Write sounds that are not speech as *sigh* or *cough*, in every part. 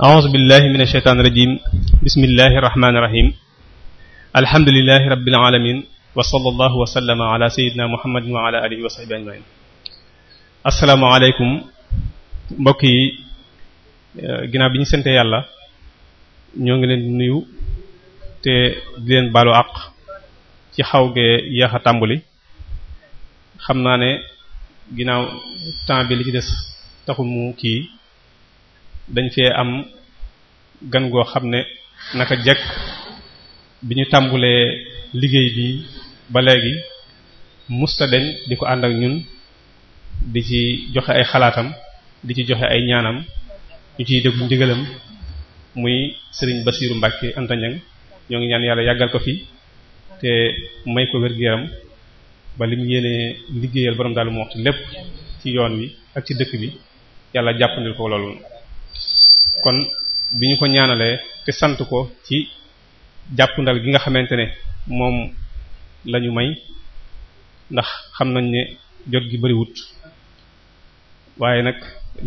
أعوذ بالله من الشيطان الرجيم بسم الله الرحمن الرحيم الحمد لله رب العالمين وصلى الله وسلم على سيدنا محمد وعلى آله alaykum mbokk yi ginnaaw bi ñu sante yàlla ñoo ngi leen nuyu te di leen baalu àq ci xaw gee yéex a tàmbali xam naa ne ginnaaw temps bi li ci des taxul mu kii dañ fee am gan goo xam ne naka jekk bi ñu tàmbulee liggéey bi ba léegi musta deñ di ko ànd ak ñun di ci joxe ay xalaatam di ci joxe ay ñaanam ñu ciy déglu ndigalam muy Serigne Bassirou Mbacke Anta Niang ñoo ngi ñaan yàlla yàggal ko fi te may ko wér-gu-yaram ba lim yéenee liggéeyal borom daal mu waxtu lépp ci yoon wi ak ci dëkk bi yàlla jàppandil ko loolu. kon bi ñu ko ñaanalee te sant ko ci jàppandal gi nga xamante ne moom lañu may ndax xam nañ ne jot gi bariwut waaye nag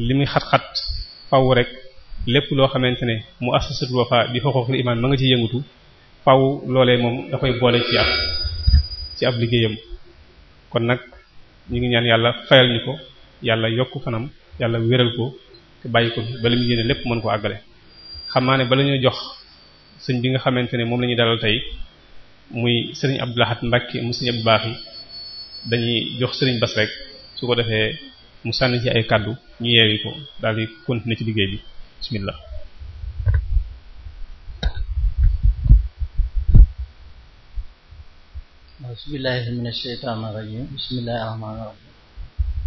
li muy xat-xat faw rek lépp loo xamante ne mu assasatul wafa bi xoxooxul imaan ma nga ci yëngutu faw loolee moom da koy boole ci ab ci ab liggéeyam kon nag ñu ngi ñaan yàlla fayal ñu ko yàlla yokk fanam yàlla wéral ko bàyyi ko fi bala mu yéene lépp mën ko àggale xam naa ne bala ñuy jox sëñ bi nga xamante ne moom lañuy ñuy dalal tey muy sëñ Abdou Lahad Mbacké mu sëriñ Abdou Baax yi dañuy jox sëriñ Bass rek su ko defee mu sànni ci ay kàddu ñu yeewi ko daal di continuer ci liggéey bi bismillah bismillahi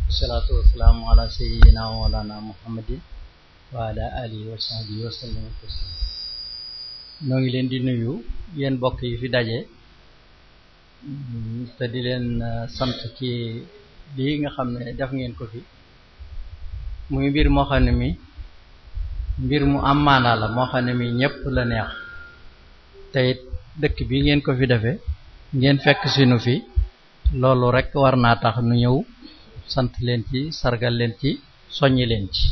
wasalaatu wasalaamu ala sayyidina wa mawlana muhammadin wa ala alihi wa sahbihi wa sallam ñoo ngi leen di nuyu yéen bokk yi fi daje te di leen uh, sant ci lii nga xam ne def ngeen ko fi muy mbir moo mi mbir mu am maanaa la moo xam ne mi ñépp la neex te dëkk bi ngeen ko fi defee ngeen fekk sinu fi loolu rek war naa tax nu ñëw sant leen ci sargal leen ci soññi leen ci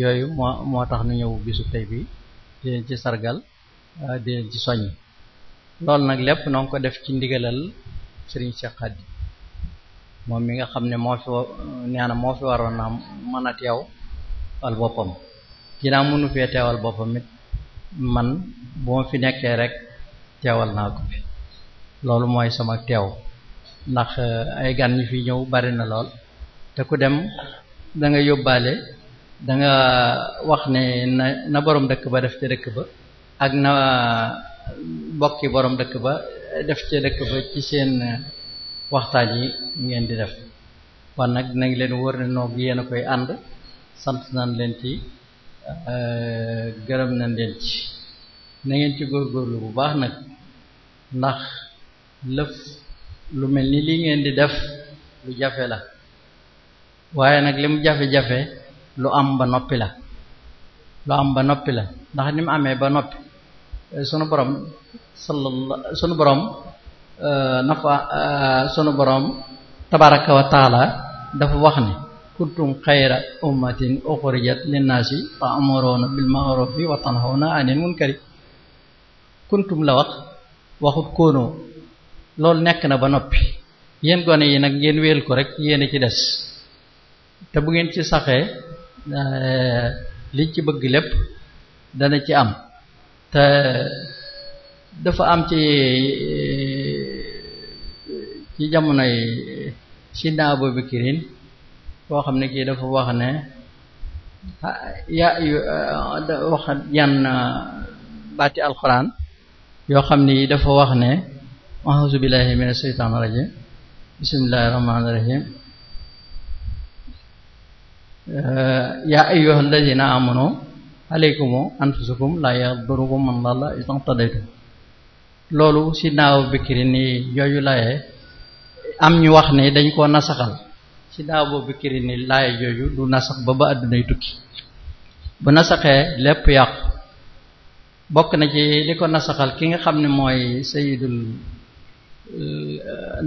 yooyu moo moo tax nu ñëw bisu tey bi di leen ci sargal ah, di leen ci soññ loolu nag lépp noo ngi ko def ci ndigalal sëriñ Cheikh Khady moom mi nga xam ne moo fi moo fi waroon naa mën a teewal boppam ginnaaw mënu fee teewal boppam it man bu ma fi nekkee rek teewal naa ko fi loolu mooy sama teew ndax ay gan ñu fi ñëw bari na lool te ku dem danga yóbbaale danga wax ne na na borom dëkk ba def ca dëkk ba ak na mbokki boroom dëkk ba def ca dëkk ba ci seen waxtaan yi ngeen di def wan nag nañ leen wër ne noog yéen a koy ànd sant nañ leen ci euh, gërëm nañ leen ci na ngeen ci góorgóorlu bu baax nag ndax lëf lu mel ni lii ngeen di def lu jafe la waaye nag li mu jafe-jafe lu am ba noppi la lu am ba noppi la ndax ni mu amee ba noppi eh, sunu borom sunu borom eh, nafa eh, sunu borom tabaraka wa dafa wax ni kuntum xayra ummatin uxrijat linnaasi ta'muruna bil ma'rufi wa tanhawna anil munkari kuntum la wax waxut koonoo loolu nekk na ba noppi yéen gone yi nag ngeen wéel ko rek yéen a ci des te bu ngeen ci saxee eh, li ci bëgg lépp dana ci am te dafa am ci eh, ci jamono jamonoy bi Abubakirin koo xam ne kii dafa wax ne ya yu eh, wax yan baati alxuraan yoo xam ne yi dafa wax ne ahousubillahi eh, min asheytaan rajim bismillahi rahmaani rahim yaa ayyuha alladina amanu aleykumu anfusukum laa yadurukum man dalla idan tadaytum loolu si naaw bikri ni yooyu laye am ñu wax ni dañ koo nasaxal si naaw boo bikri ni laye jooju du nasax ba ba addunay tukki bu nasaxee lépp yàqu bokk na ci li ko nasaxal ki nga xam ne mooy sayidul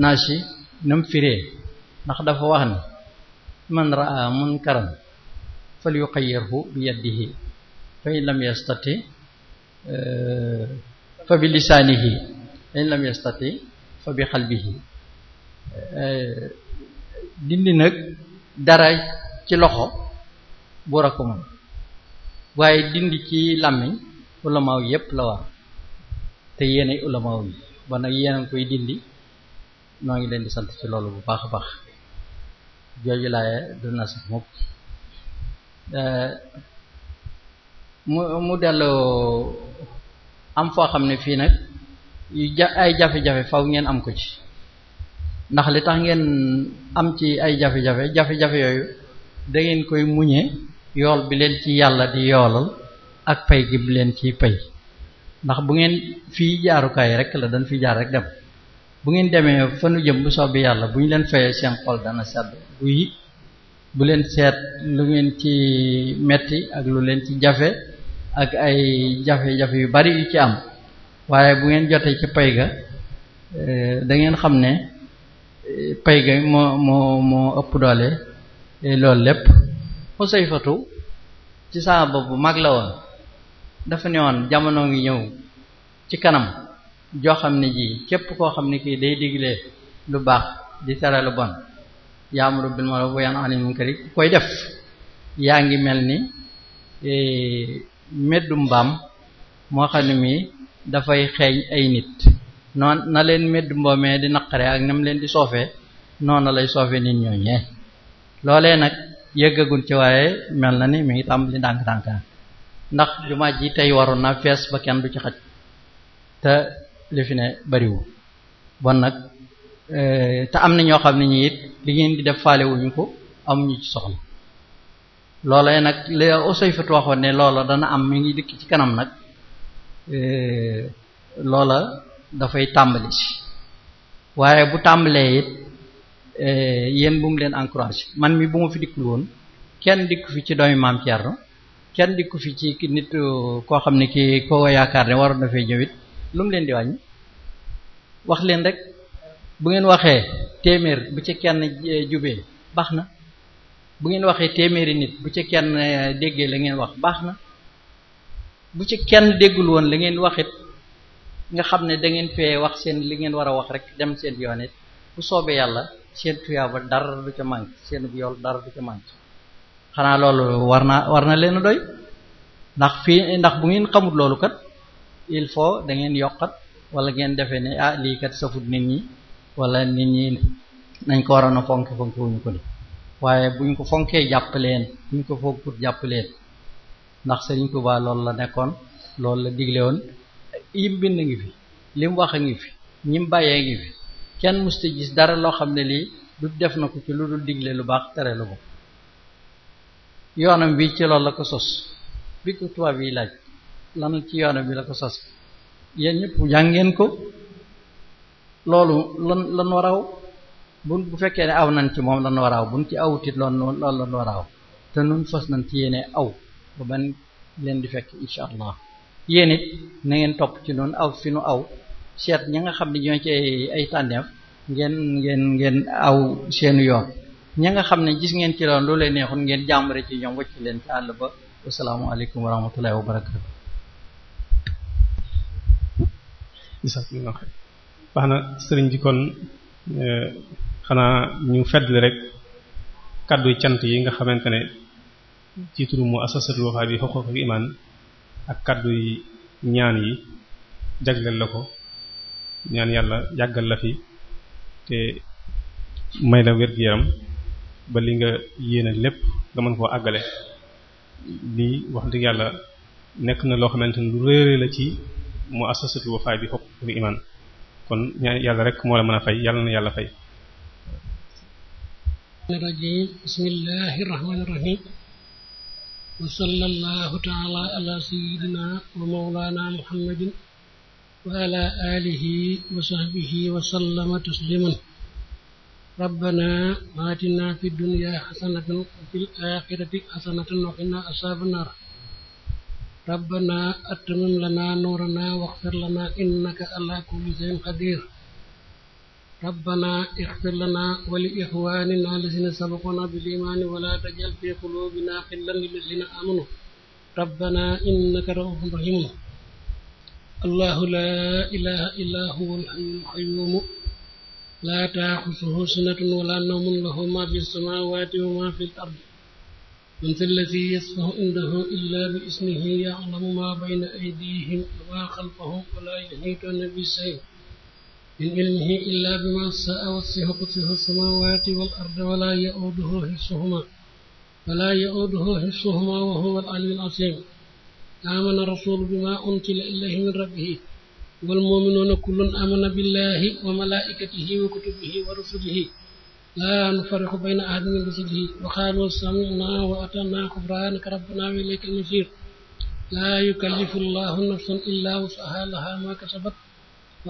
nashi nam firee ndax dafa wax ne man raa munkaran fal yuqayyirhu bi yadihi fa in lam yastati fa bi lisaanihi fa in lam yastati fa bi qalbihi dindi nag dara ci loxo bu ra moom waaye dindi ci làmmiñ ulamaaw yépp la war te yéenay ulamaaw yi ba nag yéen a ngi koy dindi noo ngi leen di sant ci loolu bu baax a baax jooju laaye dina sax mukk eh, mu delloo am foo xam ne fii nag yu ja ay jafe-jafe faw ngeen am ko ci ndax li tax ngeen am ci ay jafe-jafe jafe yooyu dangeen koy muñe yool bi leen ci yàlla di yoolal ak pay gi bi leen ci pay ndax bu ngeen fii jaarukaay rek la dañ fi jaar rek dem bu ngeen demee fa nu jëm bu soobee yàlla bu ñu leen fayee seen xol dana sedd bu yi bu leen seet lu ngeen ci metti ak lu leen ci jafe ak ay jafe-jafe yu bari yu ci am waaye bu ngeen jotee ci payga eh, dangeen xam ne eh, pay ga moo moo moo ëpp doole eh, loolu lépp xusayfatu ci saaba bu mag la woon dafa ne woon jamono ngi ñëw ci kanam joo xam ne ji képp koo xam ne kii day digle lu baax di tere lu bon yaamuru koy def yaa ngi mel ni e, meddum mbaam moo xam ne mii dafay xeeñ ay nit noon na leen meddu mboomee di naqare ak nam leen di soofee noonu lay soofee nit ñooñee loolee nag yëggagun ci waaye mel na ni mu ngi tàmbali ndànk-ndànk ndax jumaa ji tey waroon naa fees ba kenn du ci xaj te li fi ne bariwu bon nag eh, te am na ñoo xam ne ñi it li ngeen di def faalewuñu ko amuñu ci soxla loolee nag li Usayfat waxoon ne loola dana am mu ngi dikk ci kanam nag eh, loola dafay tàmbali si waaye bu tàmbalee it eh, yenn bu mu leen encouragé man mi bu ma fi dikkul woon kenn dikk fi ci doomi maam Thierno kenn di ko fi ci nit koo xam ne ki koo yaakaar ne waroon na fee ñëwit lu mu leen di wàññi wax leen rek bu ngeen waxee téeméer bu ci kenn eh, jubee baax na bu ngeen waxee téeméeri nit bu ci kenn eh, déggee la ngeen wax baax na bu ci kenn déggul woon la ngeen waxit nga xam ne da ngeen fee wax seen li ngeen war a wax rek dem seen yoon it bu soobee yàlla seen tuyaaba dara du ca manque seen yool dara du ca manque xanaa loolu war naa war na leen doy ndax fii ndax bu ngeen xamut loolu kat il faut da ngeen yokkat wala ngeen defee ne ah lii kat safut nit ñi walla nit ñi nañ ko waroon a fonke fonke wuñu ko ni waaye buñ ko fonkee jàpp leen buñ ko fonkut jàpp leen ndax Sëriñ Tuubaa loolu la nekkoon loolu la digle woon yim bind ngi fi lim wax a ngi fi ñim bàyyee ngi fi kenn musta gis dara loo xam ne lii du def na ko ci lu dul digle lu baax tere lu bon yoonam bi ci lool la ko sos bi ko tubaab yi laaj lan ci yoonam bi la ko sos yéen ñëpp jàngeen ko loolu lan lan waraaw bu bu fekkee ne aw nañ ci moom lan waraaw buñ ci awutit loolu loolu lan waraaw te nun fas nañ ci yéene aw ba ban leen di fekk incha allah yéen it na topp ci noonu aw fi nu aw seet ñi nga xam ne ñoo ci ay tànneef ngeen ngeen ngeen aw seenu yoon ña nga xam ne gis ngeen ci loon lu lay neexoon ngeen jàmbare ci ñoom wacc leen ci àll ba wasalaamualeykum wa rahmatullahi wa barakatu na sëriñ bi euh, xanaa ñu fàttali rek kàddu cant yi nga xamante ne ci turu mu asasatul Wafa bi huququl iman ak kàddu yi ñaan yi jagleel la ko ñaan yàlla yàggal la fi te may la wér-gu-yaram ba li nga yéene lépp nga mën koo àggale lii wax dëgg yàlla nekk na loo xamante ni lu réere la ci mu assasatu wafaay bi fokk lu iman kon ñaan yàlla rek moo la mën a fay yàlla na yàlla fay rajim bismillahi rahmani rahim wa sallallahu taala ala sayidina wa mawlana muhammadin wa ala alihi wa sahbihi wa sallama tasliman ربنا آتنا في الدنيا حسنة وفي الآخرة حسنة وقنا عذاب النار ربنا أتمم لنا نورنا واغفر لنا إنك على كل شيء قدير ربنا اغفر لنا ولإخواننا الذين سبقونا بالإيمان ولا تجعل في قلوبنا غلا للذين آمنوا ربنا إنك رؤوف رحيم الله لا إله إلا هو الحي القيوم laa taaxusuhu sinatun wala nawmun lahu ma fi samawati wa ma fi l ard man fi lladi yasfahu indahu illa bi ismihi yaclamu ma bayna aydihim wa ma xalfahum wala yuhiituna bi shay min ilmihi illa bima saa wasiha qudsihi samawati wal ard wala yauduhu hifsuhuma wala yauduhu hifsuhuma wa huwa al aliyu al azim amana rasul bima unsila ilayhi min rabbihi wal mu'minuuna kullun amana billahi wa malaa'ikatihi wa kutubihi wa rusulihi laa nufarriqu bayna ahadin min rusulihi wa qaalu sami'naa wa ata'naa ghufraanaka rabbanaa wa ilayka al-masiir laa yukallifu llahu nafsan illaa wus'ahaa lahaa maa kasabat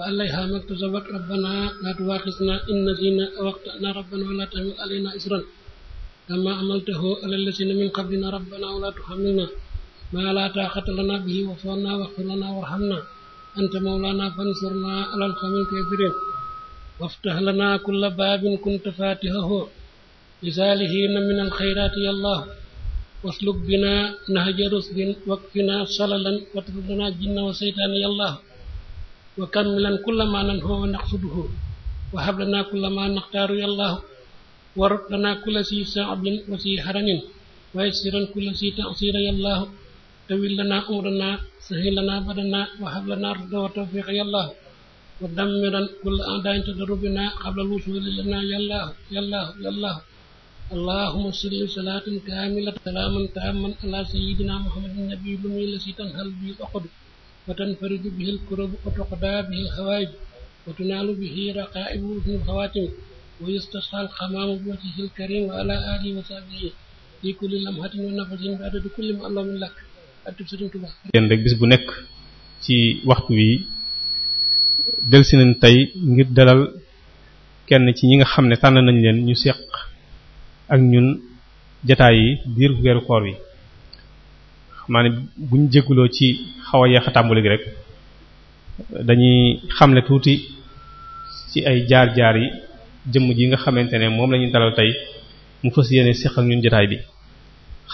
wa alayhaa maa iktasabat rabbanaa laa tu'aakhidhnaa in nasiinaa aw akhta'naa rabbanaa wa laa tahmil 'alaynaa isran kamaa hamaltahu 'alaa llaziina min qablinaa rabbanaa wa laa tuhammilnaa maa laa taaqata lanaa bihi wa'fu 'annaa waghfir lanaa warhamnaa anta mawlana fansurna alal qawmil kafirin waftah lana kulla baabin kunta fatihahu bisaalihiina min alxayraati yallahu wasluk bina nahaja rusdin wakfina salalan watrif lana jinna wa seytaani yallahu wa kammilan kulla ma nanhu wa naqsuduhu wa hab lana kulla ma naxtaaru yallahu warut lana kulla si saabin wa si haramin wa yassiran kulla si tasiira yallahu تمل لنا أمرنا سهل لنا بدنا وهب لنا الرد والتوفيق يا الله ودمرا كل أعداء تدر بنا قبل الوصول لنا يا الله يا الله يا الله اللهم صل صلاة كاملة سلاما تاما على سيدنا محمد النبي الأمي الذي تنهل به العقد وتنفرج به الكرب وتقضى به الحوائج وتنال به رقائب في الخواتم ويستسقى الخمام بوجهه الكريم وعلى آله وصحبه في كل لمحة ونفس بعدد كل ما الله من لك yéen rek bis bu nekk ci waxtu wi si nañ tey ngir dalal kenn ci ñi nga xam ne tànn nañ leen ñu seq ak ñun jataay yi diir weeru koor wi maanaam bu ñu jégguloo ci xaw a yeex a tàmbali rek dañuy xamle tuuti ci ay jaar-jaar yi jëmm ji nga xamante ne moom lañuy ñu dalal tey mu fas yéene seq ak ñun jataay bi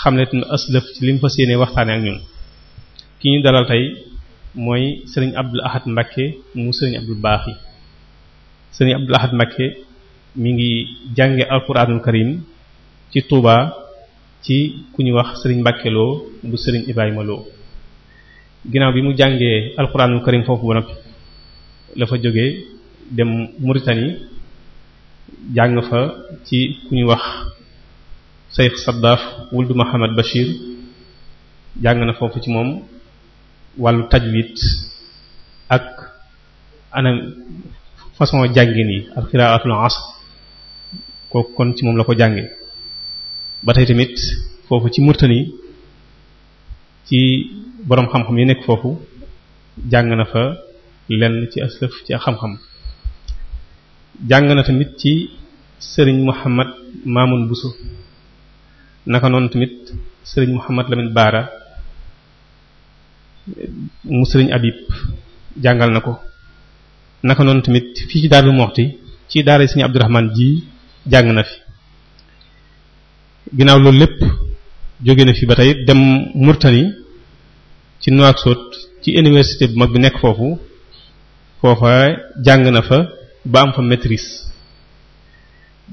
xam ne tamit aslëf ci li mu fas yéenee waxtaanee ak ñun ki ñu dalal tey mooy sëriñ Abdul Ahad Mbakke mu sëriñ Abdul Baaxi sëriñ Abdul Ahad Mbakke mu ngi jànge alxuraanul karim ci tuuba ci ku ñu wax sëriñ Mbakke Lo bu sëriñ Ibrahima Lo ginnaaw bi mu jàngee alxuraanul karim foofu ba noppi la fa jógee dem Mauritanie jàng fa ci ku ñu wax Seyd Saddaaf wuldu Muhammad Bachir jàng na foofu ci moom wàllu tajwid ak anam façon jàngin yi xiraatul asr kooku kon ci moom la ko jànge ba tey tamit foofu ci Murtani ci boroom xam-xam yi nekk foofu jàng na fa lenn ci aslëf ci xam-xam jàng na tamit ci sëriñ Muhammad Maamun Buso naka noonu tamit sëriñ Mouhamad Lamine Baara mu sëriñ Abib jàngal na ko naka noonu tamit fii ci Darou Moukhty ci daara sëriñ Abdourahmane ji jàng na fi ginnaaw loolu lépp jóge na fi ba tey dem Murtani ci Nouakchott ci université bu mag bi nekk foofu foofa jàng na fa ba am fa maîtrise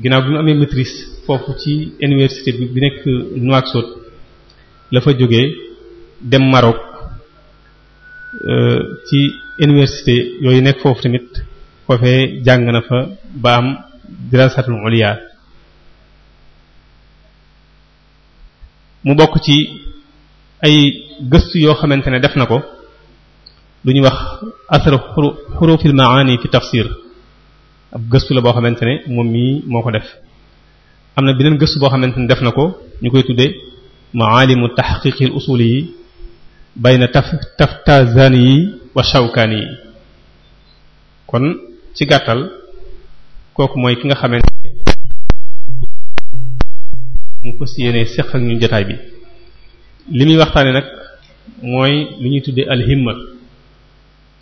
ginaaw bi mu amee maîtrise foofu ci université bi bi nekk Nouakchott la fa jógee dem Maroc euh, ci université yooyu nekk foofu tamit foofee jàng na fa ba am dirasatul ulya mu bokk ci ay gëstu yoo xamante ne def na ko lu ñuy wax asar xurufil maani fi tafsir ab gëstu la boo xamante ne moom mii moo ko def am na beneen gëstu boo xamante ne def na ko ñu koy tuddee maalimu taxqiqil usuli yi bayna taf taftazani yi wa shawkaani yi kon ci gàttal kooku mooy ki nga xamante mu fas yéene seq ak ñu jotaay bi li muy waxtaane nag mooy li ñuy tuddee alhimma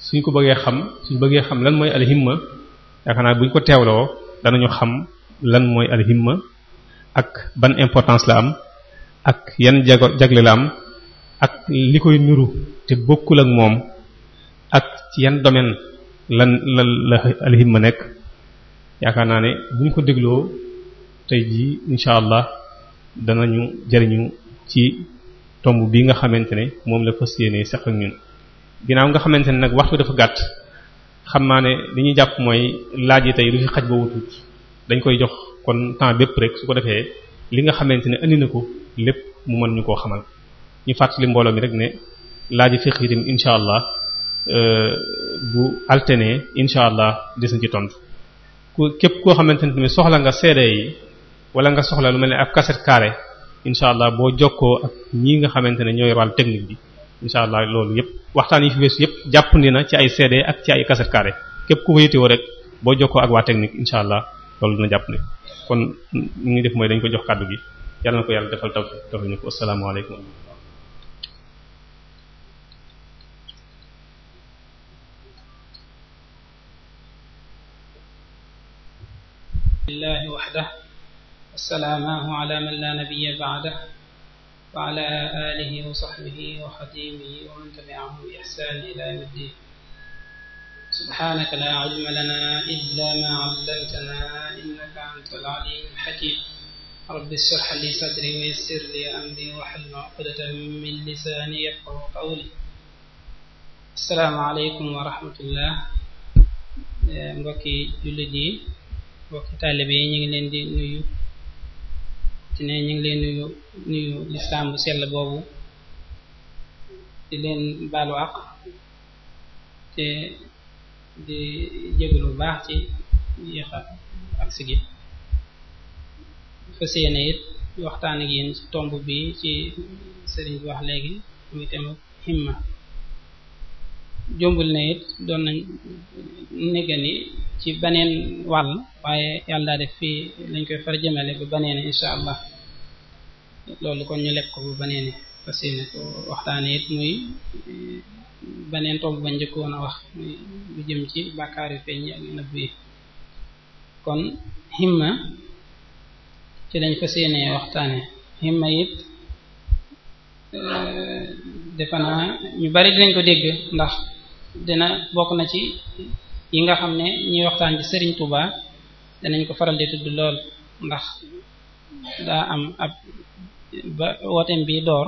suñ ko bëggee xam suñ bëggee xam lan mooy alhimma yaakaar naa bu ñu ko teewloo danañu xam lan mooy alhimma ak ban importance la am ak yan jago jagle la am ak li koy nuru te bokkul ak moom ak ci yan domaine lan lan la alhimma nekk yaakaar naa ne bu ñu ko dégloo tey jii incha allah danañu jariñu ci tomb bi nga xamante ne moom la fas yéenee sax ak ñun ginnaaw nga xamante ne nag waxtu dafa gàtt xam naa ne li ñuy jàpp mooy laaj yi tey lu fi xaj ba wutut dañ koy jox kon temps bépp rek su ko defee li nga xamante ne indi na ko lépp mu mën ñu koo xamal ñu fàttali mbooloo mi rek ne laaj yi fiq itam incha allah euh, bu alterné incha allah des na ci tontu ku képp koo xamante ne soxla nga CD yi wala nga soxla lu mel ne ak cassette carré incha allah boo jog jokkoo ak ñi nga xamante ne ñooy wàllu technique bi incha allah loolu yëpp waxtaan yi fi weesu yëpp jàppandi na ci ay CD ak ci ay cassette carré képp ku ko yitewoo rek boo jokkoo ak waa technique incha allah loolu dina jàpp ne kon li ñuy def mooy dañ ko jox kàddu gi yàlla na ko yàlla defal taw taw ñu ko asalaamaaleykum. lillahi wahdahu wa salaamuhu ala man la nabiyya ba'dahu وعلى آله وصحبه وخديمه ومن تبعهم بإحسان إلى يوم الدين سبحانك لا علم لنا إلا ما علمتنا إنك أنت العليم الحكيم رب اشرح لي صدري ويسر لي أمري واحلل عقدة من لساني يفقه قولي السلام عليكم ورحمة الله mbokki jullit yi mbokki taalibe yi ñu ngi leen di nuyu ci ne ñu ngi leen nuyu nuyu lislaam bu sell boobu di leen baalu àq te di jégalu bu baax ci yéex ak si gi fas yéene it waxtaan yi tomb bi ci sëriñ bi wax léegi muy temu himma jombul ne it doon nañ nekkal ni ci baneen wàll waaye yàlla def fii lañ koy far jëmale bu baneene incha allah loolu kon ñu lekk ko bu baneene parce que ne ko waxtaane it muy eh, baneen tomb ba njëkkoon a wax muy jëm ci bàkkaar yu feeñ ak nëbb yi kon himma ci lañ fas yéene waxtaane himma it eh, defe ñu bari dinañ ko dégg ndax dina bokk na ci yi nga xam ne ñuy waxtaan sëriñ Serigne Touba danañ ko faral di tudd lool ndax daa am ab ba wooteem bi door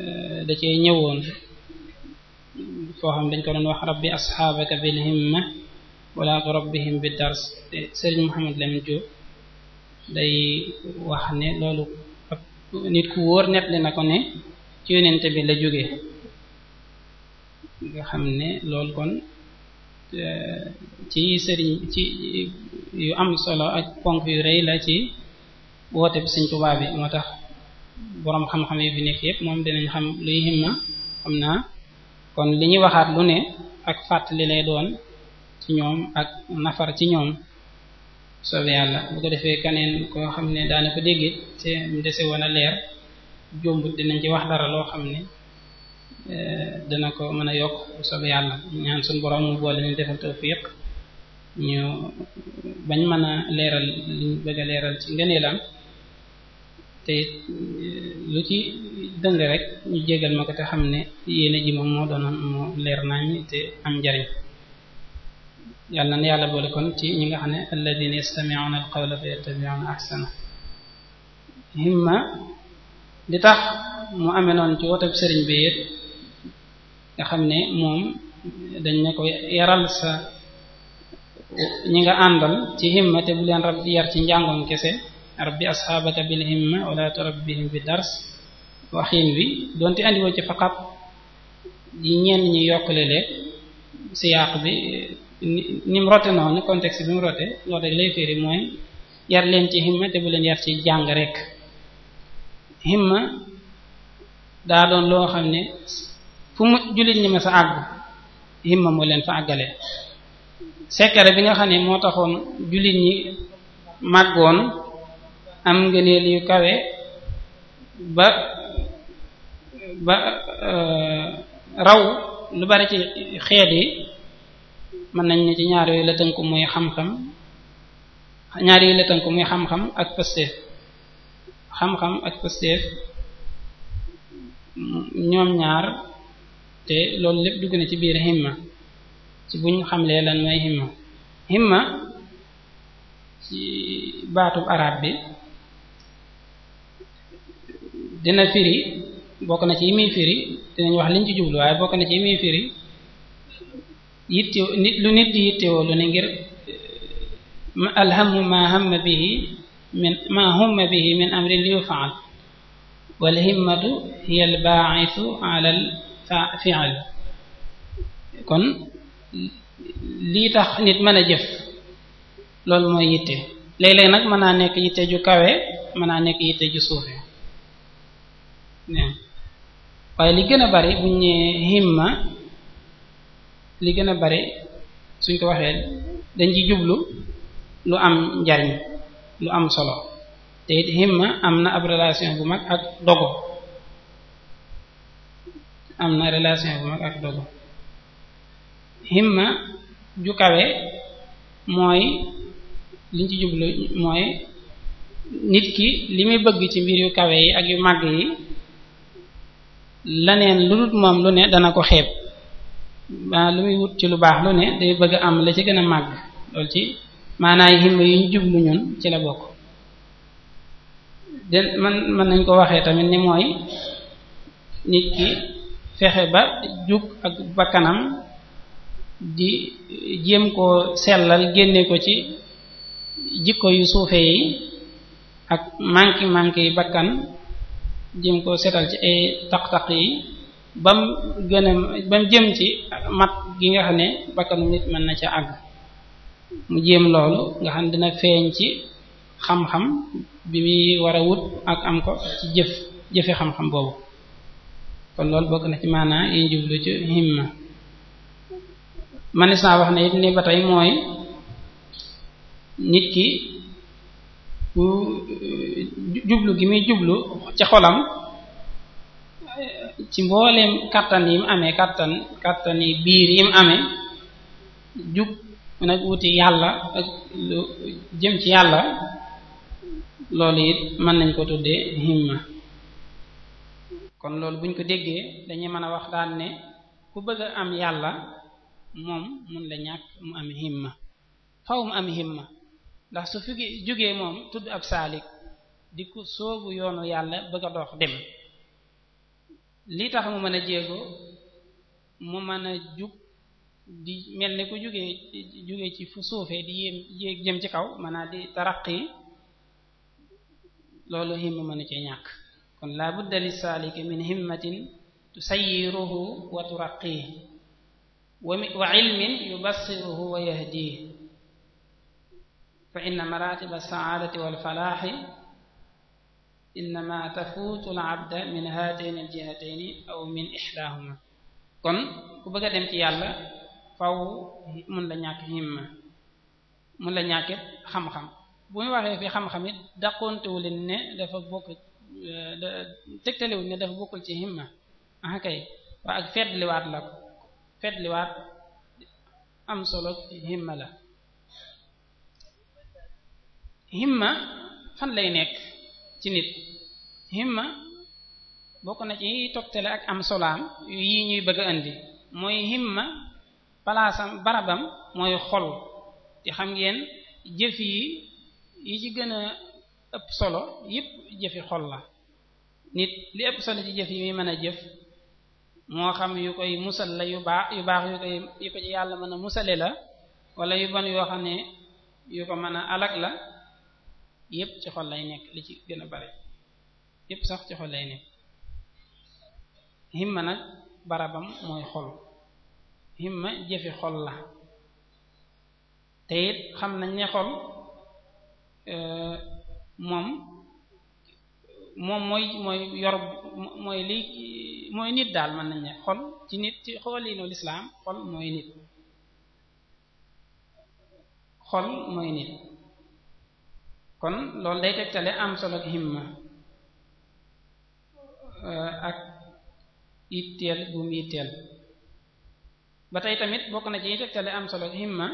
euh, da cee ñëwoon foo xam dañ ko doon wax rabbi bi bil himma wala rabbihim bi dars te Serigne Mouhamed Lamine day wax ne loolu nit ku wóor net li na ko ne ci yonente bi la jóge nga xam ne loolu kon euh, ci sëriñ ci yu am solo ak ponk yu rey la ci woote bi sëñ Tuubaa bi moo tax boroom xam-xam bi nekk yépp moom dinañ xam luy himma xam naa kon li ñuy waxaat lu ne ak fàttali lay doon ci ñoom ak nafar ci ñoom soobee yàlla bu ko defee kaneen koo xam ne daana ko dégg te mu dese woon a leer jombut dinañ ci wax dara loo xam ne Eh, dana ko mën a yokk soog yàlla ñaan suñu borom mu boole ñu defal tawfiq ñu bañ mën a leeral liñ bëgg leeral ci ngëneelam te eh, lu ci dëng rek ñu jégal ma ko te xam ne yéene ji moom moo doonoon moo leer nañ te am njariñ yàlla na yàlla boole kon ci ñi nga xam ne alladina yastami'una alqawla fa yattabi'una ahsana himma li tax mu amee noonu ci wotab sëriñ bi it nga xam ne moom dañ ne ko yaral sa ñi nga àndal ci himma te bu leen rab yar ci njàngoom kese bi asxaabaka bil himma wala turabbihim bi dars waxiin wi donte andiwoo ci faqat yi ñenn ñi yokkule leen siyaaq bi ni mu rote noonu contexte bi mu rote loolu rek lay firi mooy yar leen ci himma te bu leen yar ci jàng rek himma daa doon loo xam ne fu mu jullit ñi ma sa àgg himma moo leen fa àggale sekkare bi nga xam ne moo taxoon jullit ñi màggoon am ngëneel yu kawe ba ba euh, raw lu bari ci xeet yi mën nañ ne ci ñaar yooyu la tënku muy xam-xam ñaar yooyu la tënku muy xam-xam ak pësteef xam-xam ak pësteef ñoom ñaar te loolu lépp dugg na ci biir himma ci bu ñu xamlee lan mooy himma himma ci baatub arab bi dina firi bokk na ci yi muy firi dinañ wax liñ ci jublu waaye bokk na ci yi firi yitte lu nit di yittewoo lu ne ngir alhammu ma hamma bihi ma humma bihi min amrin li yufaal wal himmatu hiya al baa'isu al fi'al la kon lii tax nit mën a jëf loolu mooy yitte léeg-léeg nag mën naa nekk yitte ju kawe mën naa nekk yitte ju suufe waaye li gën a bari buñ ne himma li gën a bari suñ ko waxee dañ ci jublu lu am njariñ lu am solo te himma am na ab relation bu mag ak dogo am na relation bu mag ak dogu himma ju kawe mooy liñ ci jublu mooy nit ki li muy bëgg ci mbir yu kawe yi ak yu màgg yi laneen lu dul moom lu ne dana ko xeeb ba lu muy wut ci lu baax lu ne day bëgg am la ci gën a màgg loolu ci maanaam himma yi ñu jublu ñun ci la bokk den man mën nañ ko waxee tamit ni mooy nit ki fexe ba jub ak bakkanam di jéem koo sellal génne ko ci jikko yu suufe yi ak manki manki bakkan jéem koo setal ci ay taq-taq yi bam gën bam jëm ci mat gi nga xam ne bakkanu nit mën na ca àgg mu jéem loolu nga xam dina feeñ ci xam-xam bi muy war wut ak am ko ci jëf jëfe xam-xam boobu kon loolu bokk na ci maanaa yi jublu ci himma manis naa wax ne it ni ba tey mooy nit ki bu eh, jublu gi muy jublu ci xolam eh, ci mbooleem kattan yi mu amee kattan kattan yi biir yi mu amee jug nag wuti yàlla ak lu jëm ci yàlla loolu it mën nañ koo tuddee himma kon loolu buñ ko déggee dañuy mën a wax daan ne ku bëgg a am yàlla moom mun la ñàkk mu am himma faw mu am himma ndax su fi jógee moom tudd ab saalik di ku soobu yoonu yàlla bëgg a dox dem lii tax mu mën a jéego mu mën a jug di mel ni ku jógee jóge ci fu suufee di yéem yéeg jëm ci kaw maanaam di taraqi loolu himma mënu ci ñàkk kon laa budda lisaaliki min himmatin tusayiruhu wa turaqiih wa ilmin yubassiruhu wa yahdiih fa inna maratib alsaadati walfalaaxi innama tafuutu alabda min haatayn aljihatayn aw min ixdaahuma kon ku bëgg a dem ci yàlla faw mun la ñàkk himma mun la ñàkkit xam-xam bu ñu waxee fi xam-xam it daqontewulen ne dafa bokk tegtalewuñ ne dafa bokkul ci himma ah kay waa ak feddliwaat la am solo himma la himma fan lay nekk ci nit himma bokk na ci togtale am solaam yii ñuy bëgg a indi mooy himma palaasam barabam mooy xol te xam ngeen jëf yi ci gën a ëpp solo yépp jëfi xol la nit li ëpp solo ci jëf yi muy mën a jëf moo xam yu koy musal la yu baax yu baax yu koy yàlla mën a musale la wala yu bon yoo xam ne yu ko mën a alag la yépp ci xol lay nekk li ci gën a bari yépp sax ci xol lay nekk himma nag barabam mooy xol himma jëfi xol la te it xam nañ ne xol euh, moom moom mooy mooy yor mooy lii mooy nit daal mën nañ ne xol ci nit ci xooliinu lislaam xol mooy nit xol mooy nit kon loolu day tegtale am solo ak himma eh, ak itteel bu ba tey tamit bokk na ci tegtale am solo ak himma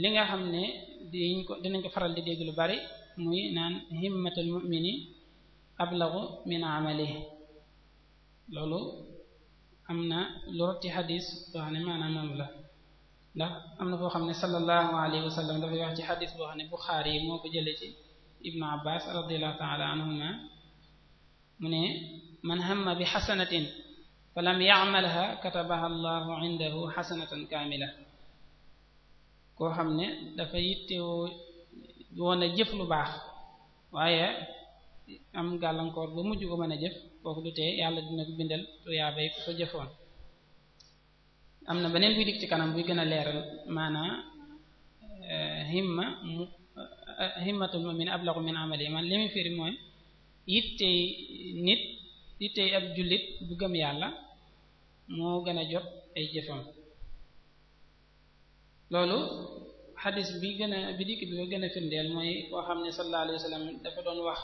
li nga xam ne dinañ ko dinañ ko faral di dégg lu bari muy naan himmatul mu'mini ablagu min amali loolu am na lu rot ci xadis boo xam ne maanaam moom la ndax am na foo xam ne sallallahu alayhi wa sallam dafay wax ci xadis boo xam ne Buxaari yi moo ko jëlee ci ibnu abbas radiallahu taala anhuma mu ne man hamma bi xasanatin fa lam yacmalha katabaha allahu indahu xasanatan kaamila koo xam ne dafa yittewoo woon a jëf lu baax waaye am gàllankoor ba mujj ko mën a jëf kooku du tee yàlla dina ko bindal tuyaa bay ku ko jëfoon am na beneen buy dig ci kanam buy gën a leeral maanaa eh, himma mu eh, himmatul mu'min min amali man li muy firi mooy yittey nit yittey ab jullit bu gëm yàlla moo gën a jot ay jëfam loolu xadis bi gën a bi dikk bi ko gën a firndeel mooy koo xam ne sallallahu alayhi wa dafa doon wax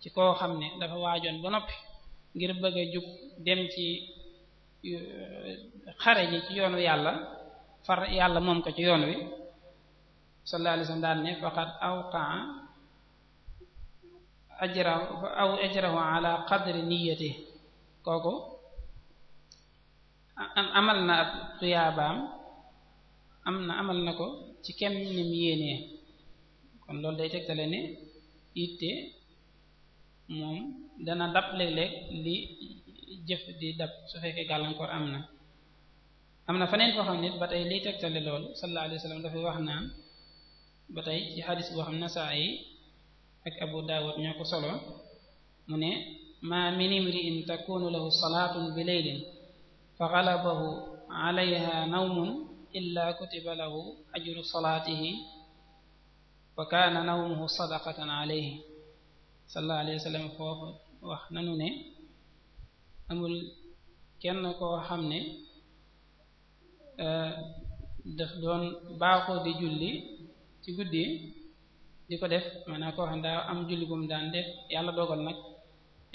ci koo xam ne dafa waajoon ba noppi ngir bëgg a jug dem ci euh, xare ji ci yoonu yàlla far yàlla moom ko ci yoon wi sallallahu alayhi wa sallam daal ne faqad awqaa ajrahu aw ajrahu ala qadri niyyati kooku amal na ab tuyaabaam am na amal na ko ci kem nim yéenee kon loolu day tegtale ne itte moom dana dab léeg-léeg li jëf di dab su fekkee gàllankoor am na am na faneen foo xam ne ba tey liy tegtale loolu sallallahu alayhi wax naan ba tey ci xadis boo xam Nasaa'i ak Abu Daawud ñoo solo mu ne ma min imri'in takunu lahu salatun bi laylin fa galabahu alayha nawmun illa kutiba lahu ajru salatihi wa kana nawmuhu sadaqatan sallallahu alayhi wa sallam foofu wax nanu ne amul kenn koo xam ne euh, daf doon baaxoo di julli ci guddi di ko def maanaam koo xam daa am julli bu daan def yàlla dogal nag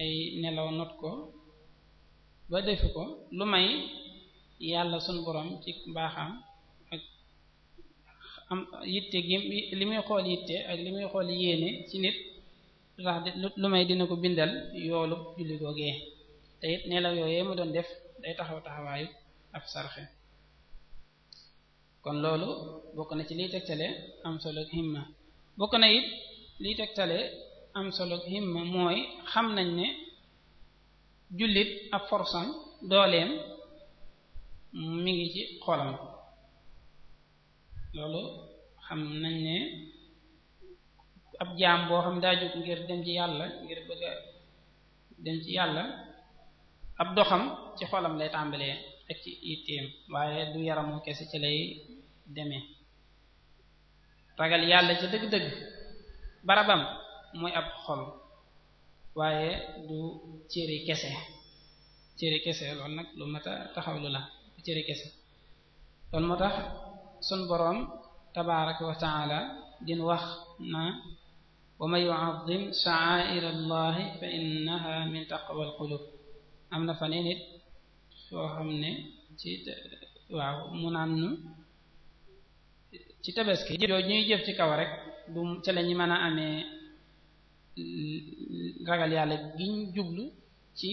ay nelaw not ko ba defu ko lu may yàlla sunu borom ci mbaaxam ak am yitte gi li muy xool yitte ak li muy xool yéene ci nit lu may dina ko bindal yoolu julli googee te it nelaw yooyee mu doon def day taxaw taxawaayu ab sarxe kon loolu bokk na ci liy tegtale am solo himma bokk na it liy tegtale am solo himma mooy xam nañ ne jullit ab forçam dooleem mi ngi ci xolam loolu xam nañ ne ab jaam boo xam daa jóg ngir dem ci yàlla ngir bëgg dem ci yàlla ab doxam ci xolam lay tàmbalee ak ci itteem waaye du yaramu kese ci lay demee ragal yàlla ci dëgg-dëgg barabam mooy ab xol waaye du cëri kese cëri kese lool nag lu mat a taxawlu la du cëri kese loolu moo tax sun boroom tabaraka wa taala din wax na wa man yu'azzim sha'a'ira allahi fa innaha min taqwa alqulub am na fa neen soo xam ne ci waaw mu naan nu ci tabaski jooju ñuy jëf ci kaw rek du ca la ñu mën a amee ragal yàlla giñ jublu ci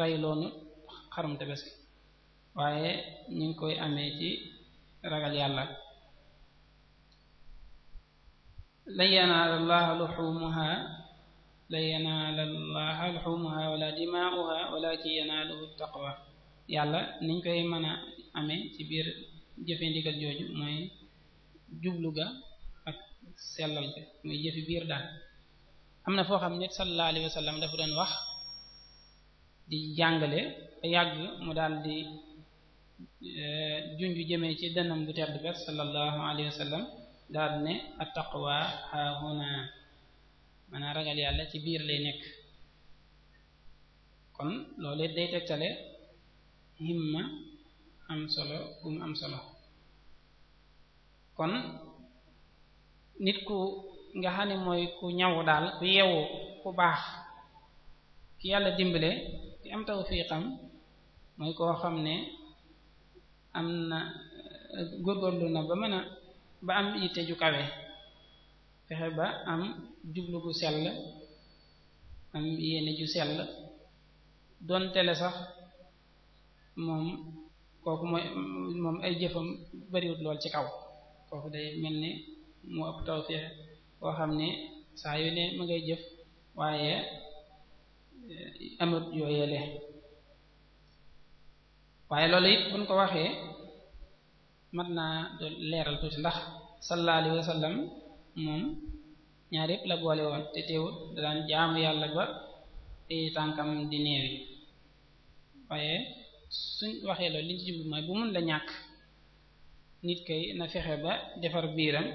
rey loonu xarum tabaski waaye ñu ngi koy amee ci ragal yàlla lan yanaala allaha lan yanaala allaha wala dimaa'uha walakin yanaaluhu taqwa yàlla niñ koy mën a ame ci biir jëfe ndigal jooju mooy jublu ga ak sellal ga muy jëfi biir daal am na foo xam ne sallallahu alayhi wa dafa doon wax di jàngale yàgg mu daal di eh, ju jëmee ci dënnam bu tedd ba sallallahu alayhi wa daal ne attaqwa haahuna maanaam ragal yàlla ci biir lay nekk kon loolu day tegtale himma am solo gum am solo kon nit ku nga xam ne mooy ku ñaw daal ku yewu ku baax ki yàlla dimbale ki am tawfiqam mooy koo xam ne am na góorgóorlu na ba mën a ba am yitte ju kawe fexe ba am jublu gu sell am yéene ju sell doon tele sax moom kooku mooy moom ay jëfam bariwut lool ci kaw kooku day mel ni mu ëpp tawfeex koo xam ne saa yu mu ngay jëf waaye eh, amut yooyele waaye loolu it buñ ko waxee mat naa leeral tuuti ndax sallallahu alayhi wa moom ñaar yëpp la boole woon te teewut daan jaamu yàlla ba te tànkam di néew yi waaye suñ waxee loolu liñ ci jublu mooy bu mun la ñàkk nit kay na fexe ba defar biiram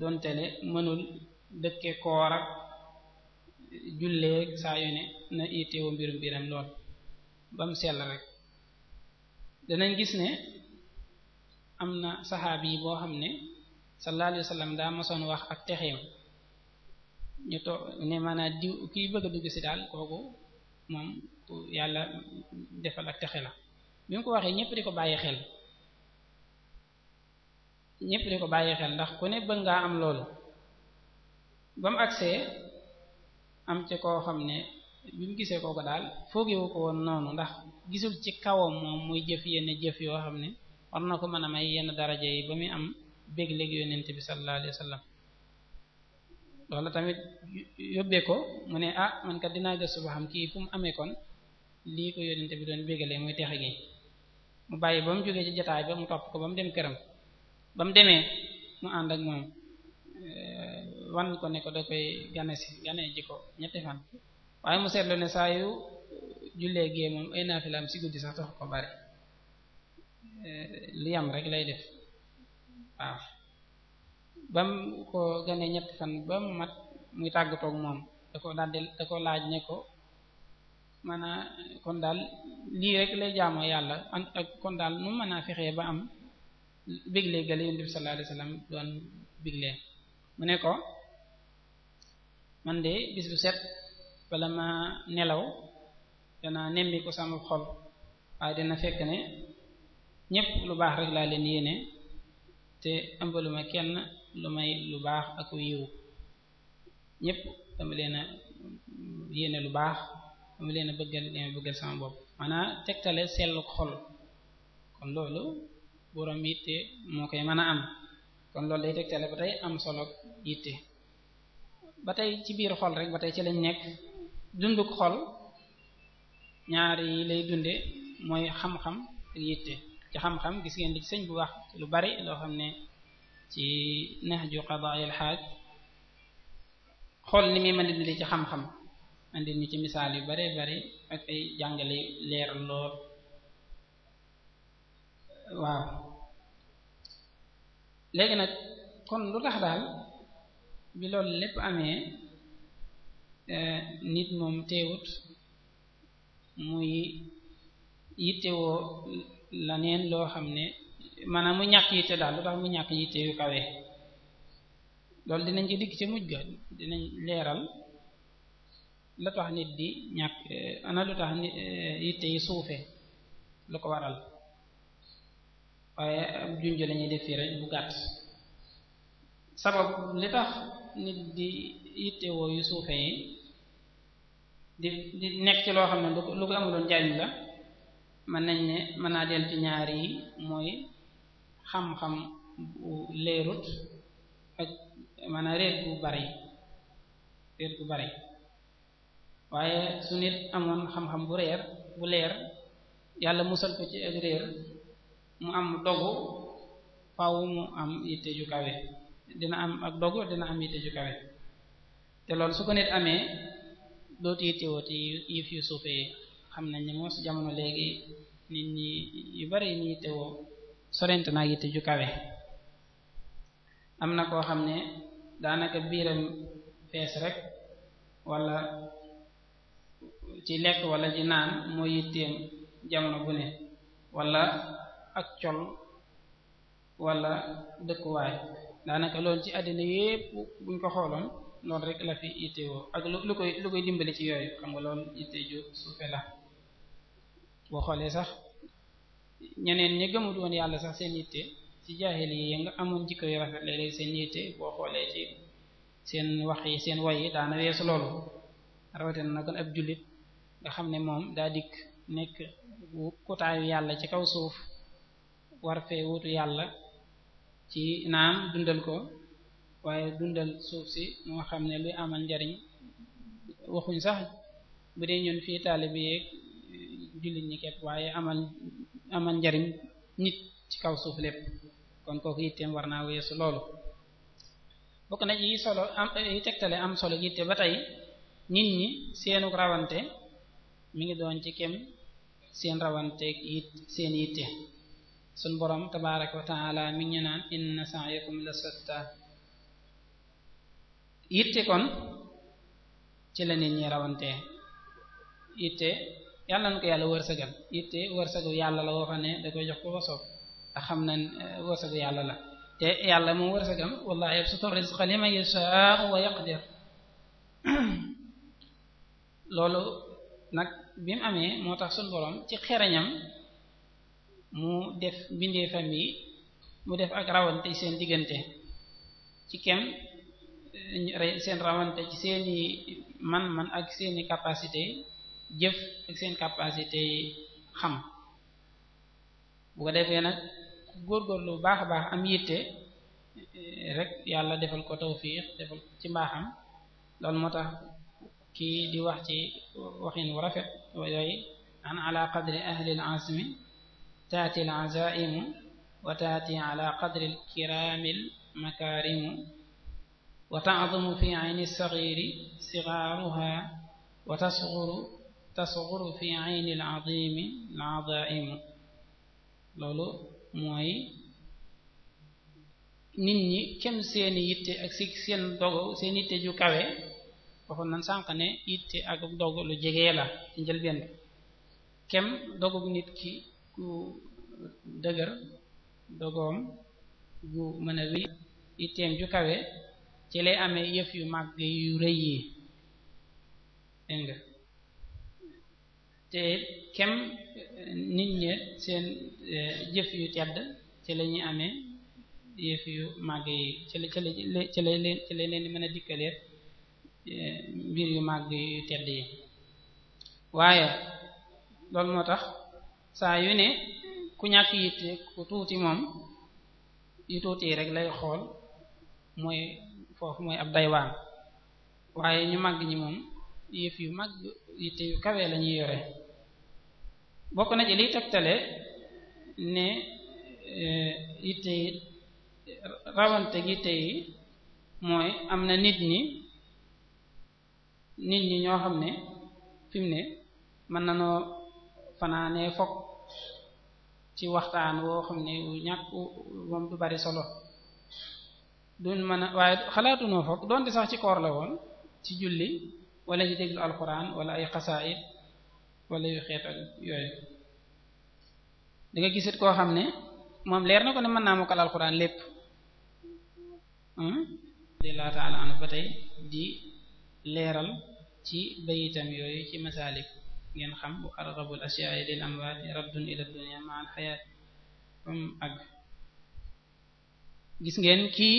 donte ne mënul dëkke koor ak julleeg saa yu ne na itteewu mbirum biiram lool ba sell rek danañ gis ne am na saxaabi yi boo xam ne sallallahu alayhi wa sallam daa mosoon wax ak texeem ñu to ne maanaam diw kii bëgg a dugg si daal kooku moom yàlla defal ak texe la bi mu ko waxee ñépp di ko bàyyi xel ñépp di ko bàyyi xel ndax ku ne bëgg ngaa am loolu ba mu agsee am ci koo xam ne bi mu gisee kooku daal foogewu ko woon noonu ndax gisul ci kawam moom muy jëf yenn jëf yoo xam ne war na ko mën a may yenn daraja yi ba muy am bég léegi yonent bi sallallahu alayhi tamit yóbbee ko mu ne ah man kat dinaa gëstu ba xam kii fu mu amee kon lii ko yonent bi doon bégalee muy texe gi mu bàyyi ba mu jógee ci jataay ba mu topp ko ba mu dem këram ba mu demee mu ànd ak moom eh, wan ko ne ko da koy gane si gane ji ko ñetti fan waaye mu seetlu ne saa yu jullee gée moom ay naafilaam si guddi sax tax ko bari li am rek lay def waaw bam ko gane ñett fan ba mu mat muy tàggatoog moom da ko daal da ko laaj ne ko maanaa kon daal lii rek lay jaamoo yàlla ak kon daal nu mën a fexee ba am biglee gale yonent bi sallallahu alayhi wasallam doon mu ne ko man de bis bu set bala ma nelaw dana nemmi ko sama xol waaye dina fekk ne ñëpp lu baax rek laa leen yéene te ëmbaluma kenn lu may lu baax ak yiw ñëpp dama leen a yéene lu baax dama leen a bëggal li ma bëggal sama bopp maanaam tegtale sellu xol kon loolu borom yitte moo koy mën a am kon loolu day tegtale ba tey am solo yitte ba tey ci biir xol rek ba tey ci lañ nekk dunduk xol ñaari yi lay dunde mooy xam-xam ak yitte ci xam-xam gis ngeen li ci sëñ bu wax lu bari loo xam ne ci nahju qadaa'il haaj xool ni muy mën di ci xam-xam andi ñu ci misaal yu bare bari ak ay jàngale leer lool waaw léegi nag kon lu tax daal bi loolu lépp amee e, nit moom teewut muy yittewoo la neen loo xam ne maanaam mu ñàkk yitte daal lu tax mu ñàkk yitte yu kawe loolu dinañ ci dikk ci mujj ga dinañ leeral la tax nit di ñàkk ana lu eh, suufe lu ko waral waaye ab def fii rek li tax nit di yitte woo yu suufe yi di di nekk ci loo xam ne lu ko amuloon njariñ la mën nañ ne mën naa del ci ñaar yi mooy xam-xam bu leerut ak maanaam réer bu bari réer bu bari waaye su nit amoon xam-xam bu reer bu leer yàlla musal ko ci ak réer mu am dogu faaw mu am yitte ju kawe dina am ak dogu dina am yitte ju kawe te loolu su ko nit amee dootu yittewoo ci yëf suufee xam nañ ne moo si jamono léegi nit ñi yu bari ni yittewoo sorent naa yitte ju kawe am na koo xam ne daanaka biiram fees rek wala ci lekk walla ci naan moo yitteem jamono bu ne walla ak col wala dëkkuwaay daanaka loolu ci àddina yépp buñ ko xooloon loolu rek la fi yittewoo ak lu koy lu koy dimbali ci yooyu xam nga loolu yitte ju suufe la boo xoolee sax ñeneen ñi gëmut woon yàlla sax seen yitte ci jaahil yi nga amoon jikko yu rafet léeg-léeg seen yitte boo xoolee ci seen wax yi seen way yi daana weesu loolu rawatina na kon ab jullit nga xam ne moom daa dikk nekk kutaayu yàlla ci kaw suuf war fee wutu yàlla ci naam dundal ko waaye dundal suuf si moo xam ne luy amal njariñ waxuñ sax bu dee ñun fii taalibe yeeg jullit ñi képp waaye amal amal njariñ nit ci kaw suuf lépp kon kooku yitteem war naa weesu loolu bokk na ci solo am yi tegtale am solo yitte ba tey nit ñi seenu rawante mu ngi doon ci kem seen rawante seen yitte sun borom tabaraka wa taala mi ñu naan inna sa'yakum la satta yitte kon ci la nit ñi rawante yitte yàlla na ko yàlla wërsëgal itte wërsëgu yàlla la woo xam ne da koy jox ko ko soob a xam na eh, wërsëgu yàlla la te yàlla moom wërsëgam wallahi yabsutu rizqa liman yashaa'u wa yaqdir *clears throat* loolu nag bi amee moo tax suñ borom ci xereñam mu def mbindeefam yi mu def ak rawante seen diggante ci kem eh, seen rawante ci seeni man-man ak seeni capacité jëf seen capacité xam bu ko defee nag góorgóorlu bu baax a baax am yitte eh, rek yàlla defal ko tawfiix defal ci mbaaxam loolu moo tax kii di wax ci waxin wu rafet yooyu an ala qadri ahli al azmi taati al azaimu wa ala qadri al kirami al makaarimu wa taadumu fi ayni sagiri sigaaruha wa tasguru tasxuru fi ayni al azimi al loolu mooy nit ñi kem seeni yitte ak si seen dogo seen yitte ju kawe waxoon na sànq ne yitte ak dogo lu jege la ci njëlbeen kem dogu nit ki ku dëgër dogoom gu mën a wéy yitteem ju kawe ci lay amee yëf yu mag yu rëy yi te kem nit ñi seen e, jëf yu tedd ci lañuy ñuy amee jëf yu màgg yi ci la ci leen di mën a dikkalee e, mbir yu màgg yu tedd yi waaye loolu moo tax saa yu ne ku ñàkk yitte ku tuuti moom yu tuuti rek lay xool mooy foofu mooy ab daywaan waaye ñu màgg ñi moom yëf yu màgg yitte yu kawe la yore bokk na ci liy ne eh, yitte yi rawante gi yitte yi mooy am na nit ñi nit ñi ñoo xam ne fi mu ne mën nanoo fanaanee fokk ci waxtaan woo xam ne ñàkk moom du bari solo duñ mën a waaye xalaatunoo fokk doonte sax ci koor la woon ci julli wala ci déglu alquran wala ay xasaayid wala yu xeet ak yooyu di gisit koo xam ne moom leer na ko ne mën naa mokkal alxuraan lépp hmm? radiyallahu di leeral ci bayitam yooyu ci masaalik ngeen xam bu arghabul ashyaa'i lil amwaati raddun ila dunya ma al hayaat um gis ngeen kii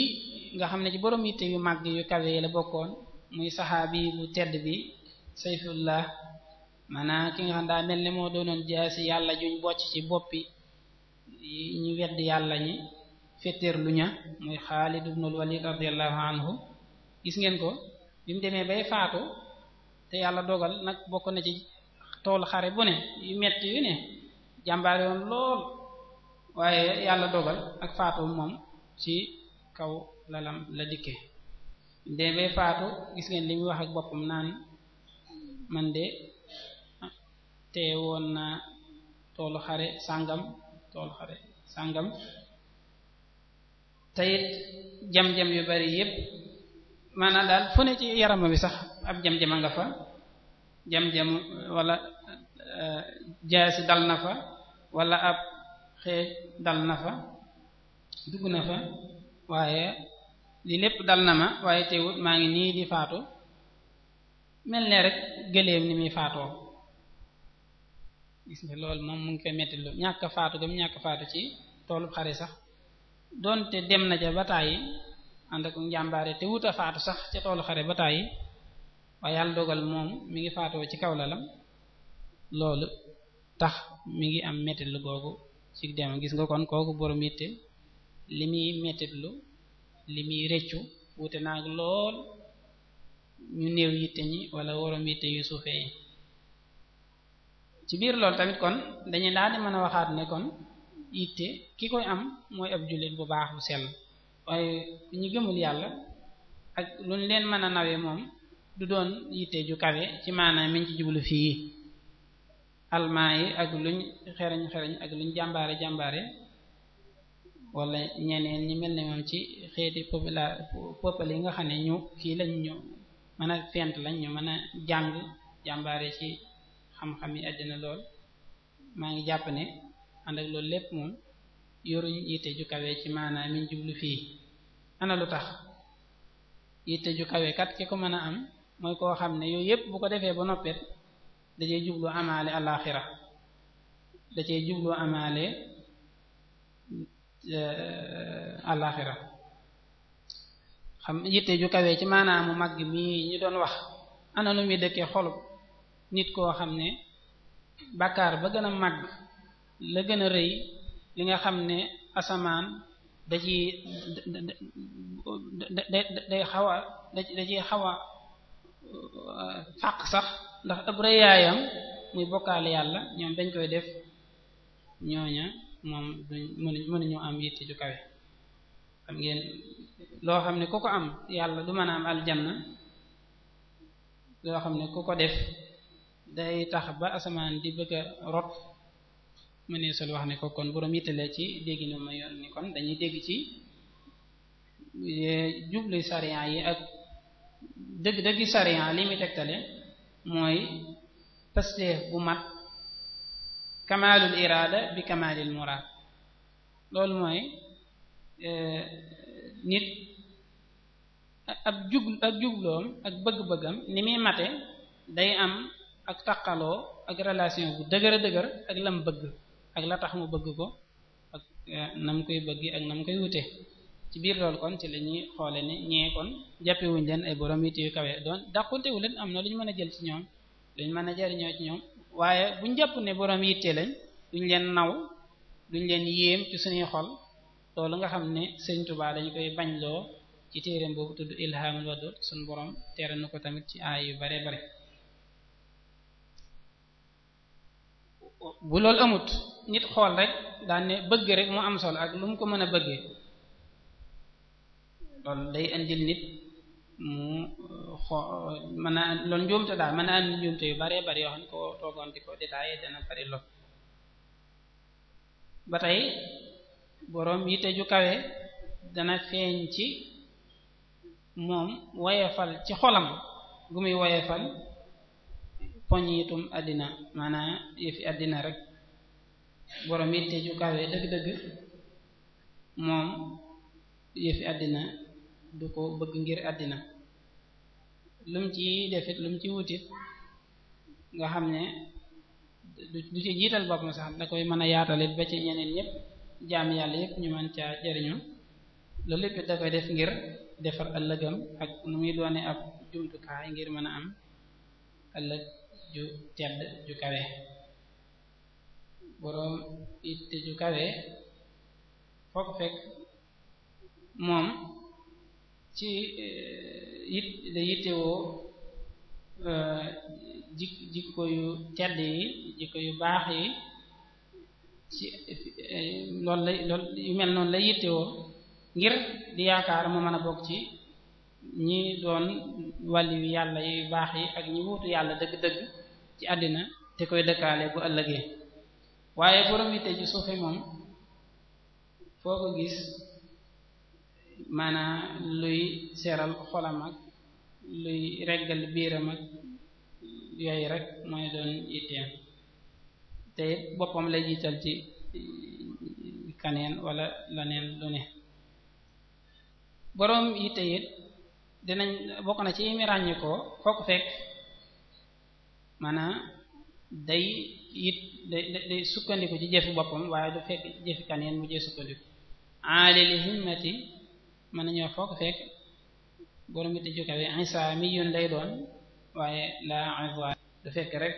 nga xam ne ci borom yitte yu màgg yu kawe la bokkoon muy saxaabi bu tedd bi sayfullah maanaam ki nga xam daa mel ne moo doonoon jaasi yàlla juñ bocc ci boppi ñu wedd yàlla ñi fetteer lu ña muy Xaalid ibnul Walid radiyallahu anhu gis ngeen ko bi mu demee bay faatu te yàlla dogal nag bokk na ci tool xare bu ne yu metti yu ne jàmbaare woon lool waaye yàlla dogal ak faatu moom ci kaw lalam la dikkee demee bay faatu gis ngeen li muy wax ak boppam naan man de te woon naa toolu xare sàngam toolu xare sàngam te it jam-jam yu bari yépp maanaam daal fu ne ci yarama bi sax ab jam-jama nga fa jam-jam wala eh, jaasi dal na fa wala ab xeej dal na fa dugg na fa waaye li lépp dal na ma waaye teewut maa ngi nii di faatu mel ne rek gëléem ni muy faatoo gis nga mu ngi koy metti lu ñàkk faatu ñàkk faatu ci toolub xare sax donte dem na ca bataay yi ànd te toolu xare bataay yi waaye yàlla dogal mi ngi faatoo ci kaw lalam loolu tax mi ngi am metti lu googu ci kon kooku borom yitte li muy metti lu li muy rëccu wute naag lool ñu néew yitte ñi wala borom yitte yu suufee ci biir lool tamit kon dañuy daal di mën a waxaat ne kon itte ki koy am mooy ab jullit bu baax bu sell waaye ñi gëmul yàlla ak luñ leen mën a nawee moom du doon yitte ju kawe ci maanaam miñ ci jublu fii almaa yi ak luñ xereñ xereñ ak luñ jàmbaare jàmbaare wala ñeneen ñi mel ne moom ci xeeti popula popale yi nga xam ne ñu kii lañ ñu mën a fent lañ ñu mën a jàng jàmbaare ci xam-xam yi àddina lool maa ngi jàpp ne ànd ak loolu lépp moom yoruñ yitte ju kawe ci maanaam min jublu fii ana lu tax yitte ju kawe ki ko mën a am mooy koo xam ne yooyu yépp bu ko defee ba noppet da cee jublu amaale da cee jublu amaale alaaxira e, xam yitte ju kawe ci maanaamu mag mi ñu doon wax ana nu muy dëkkee xolub nit koo xam ne bàkkaar ba gën a màgg la gën a rëy li nga xam ne asamaan da ci day xaw a da ciy xaw a uh, fàq sax ndax ab rëyaayam muy bokkaale yàlla ñoom dañ koy def ñooña moom duñ mënu mënuñu am yitte ju kawe xam ngeen loo xam ne ku ko am yàlla du mën a am aljanna loo xam ne ku ko def day tax ba asamaan di bëgg a rot mëneesul wax ne ko kon borom yittalee ci dégg na ma yoon ni kon dañuy dégg ci eh, jublu sarian yi ak dëgg dëggi sariya li muy tegtale mooy pasteef bu mat kamaalul iraada bi kamaalil muraad loolu mooy eh, nit ab jug ak jubloom ak bëgg-bëggam ni muy mate day am ak taqaloo ak relation bu dëgër dëgër ak lam bëgg ak la tax mu bëgg ko ak eh, nam koy bëggi ak nam koy wute ci biir lool kon ci la ñuy xoole ne ñee kon jàppewuñ leen ay borom it yu kawe doon dàquntewu leen am na lu ñu mën a jël ci ñoom luñ mën a jariñoo ci ñoom waaye buñ jàpp ne borom yitte lañ duñ leen naw duñ leen yéem ci suñuy xol loolu nga xam ne sëñ Tuubaa dañu koy bañloo ci téereem boobu tudd ilhaamul wadud suñ borom tere na ko tamit ci aay yu bare bare bu loolu amut nit xool rek daan ne bëgg rek mu am solo ak lu mu ko mën a bëggee loolu day indil nit mu uh, xo mën a lool njuumte daal mën a am njuumte yu bare bare yoo xam ne ko ko détaillé dana bari lool ba tey boroom yitte ju kawe dana feeñ ci moom woyefal ci xolam gu muy woyefal poñ itum àddina maanaa yëfi àddina rek borom yitte ju kawe dëgg-dëgg moom yëfi àddina du ko bëgg ngir àddina lum ci defit lum ci wutit nga xam ne du ci jiital boppam sax da koy mën a yaatalit ba ci ñeneen ñëpp jaam yàlla yëpp ñu mën caa jëriñu loolu lépp da koy def ngir defar ëllëgam ak nu muy doone ab jumtukaay ngir mën a am ëllëg ju tedd ju kawe kawe moom ci eh, it la yittewoo eh, jik jikko yu tedd yi jikko yu baax yi ci eh, loolu la loolu yu mel noon la yittewoo ngir di yaakaar mu mën a bokk ci ñi doon wàlli yu yàlla yu baax yi ak ñi wuutu yàlla dëgg-dëgg ci àddina te koy dëkkaale bu ëllëgee waaye borom yitte ju suufe moom foo ko gis maanaa luy seral xolam ak luy reggal biiram ak yooyu rek mooy doon yitteem te boppam lay jiital ci kaneen wala laneen lu ne borom yitte it dinañ bokk na ci mi foo ko fekk maanaam day it day day sukkandiku ci jëfi boppam waaye du fekk jëfi kaneen mu jee sukkandiku aalil himmati mën nañoo foo ko fekk borom it jukawe isa mi yun lay doon waaye la iva du fekk rek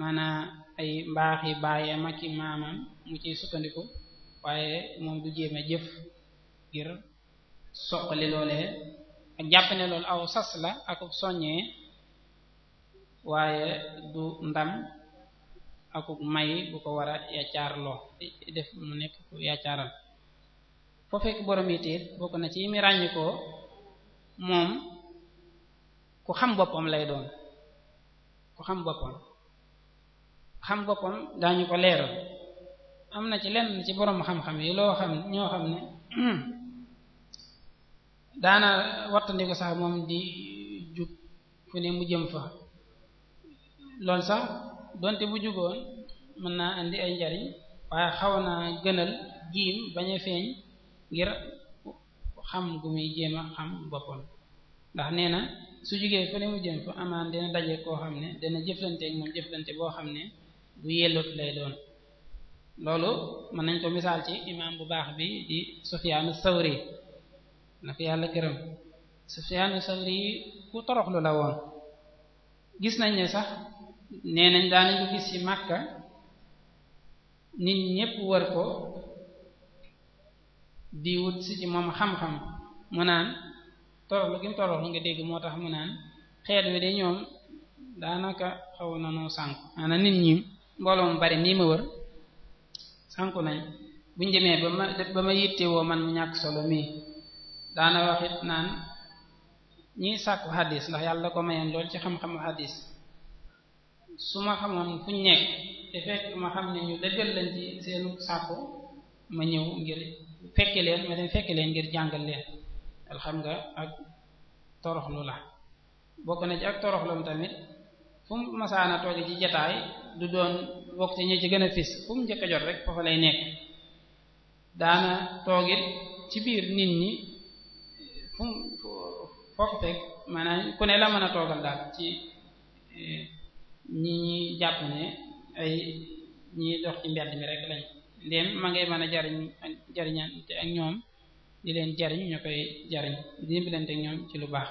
maanaam ay mbaax yi bàyyee maki maamam mu ciy sukkandiku waaye moom du jéem a jëf ngir soqali loolee ak jàpp ne loolu aw sas la ak soññee waaye du ndam akuk may bu ko wara a yaacaarloo def mu nekk ku yaacaaral foo fekk borom yi bokk na ci mi ràññikoo moom ku xam boppam lay doon ku xam boppam xam boppam daañu ko leeral am na ci lenn ci borom xam yi loo xam ne *clears throat* daana wattandiku sax moom di jub fu ne mu jëm fa loolu sax donte bu jugoon mën naa andi ay njariñ waaye xaw naa gënal jiim bañ a feeñ ngir xam gu muy jéem a xam boppam ndax nee na su jugee fële mu jëm fa amaan dina daje koo xam ne dana jëflanteeg moom jëflante boo xam ne bu yellut lay doon loolu mën nañ ko misaal ci imaam bu baax bi di Sufyaanu Sawri na yàlla gërëm Sufyaanu Sawri ku toroxlu la woon gis nañ ne sax nee nañ daanañu gis ci màkka nit ñépp war ko di si ci moom xam-xam mu naan toroxlu gi mu toroxlu nga dégg moo tax mu naan xeet wi de ñoom daanaka xaw na noo sànku maanaam nit ñi mbooloo mu bari nii ma wër sànku nañ buñ demee ba ma ba ma yittewoo man mu ñàkk solo mii daana waxit naan ñiy sàkku xadis ndax yàlla ko mayoon lool ci xam-xamu xadis su ma xamoon fu ñu nekk te fekk ma xam ne ñu dëggal lañ ci seenu sàkku ma ñëw ngir fekke leen ma dem fekke leen ngir jàngal leen xam nga ak toroxlu la bokk na ci ak toroxlam tamit fu mu a tooge ci jataay du doon bokk ci ñi ci gën a fis fu mu njëkk a jot rek foofa lay nekk daana toogit ci biir nit ñi fu mu fekk maanaam ku ne la mën a toogal daal ci eh, ñi ñi jàpp ne ay ñi dox ci mbedd mi rek lañ ndéem ma ngay mën a jariñ jariñante ak ñoom di leen jariñ ñu koy jariñ di dimbalante ak ñoom ci lu baax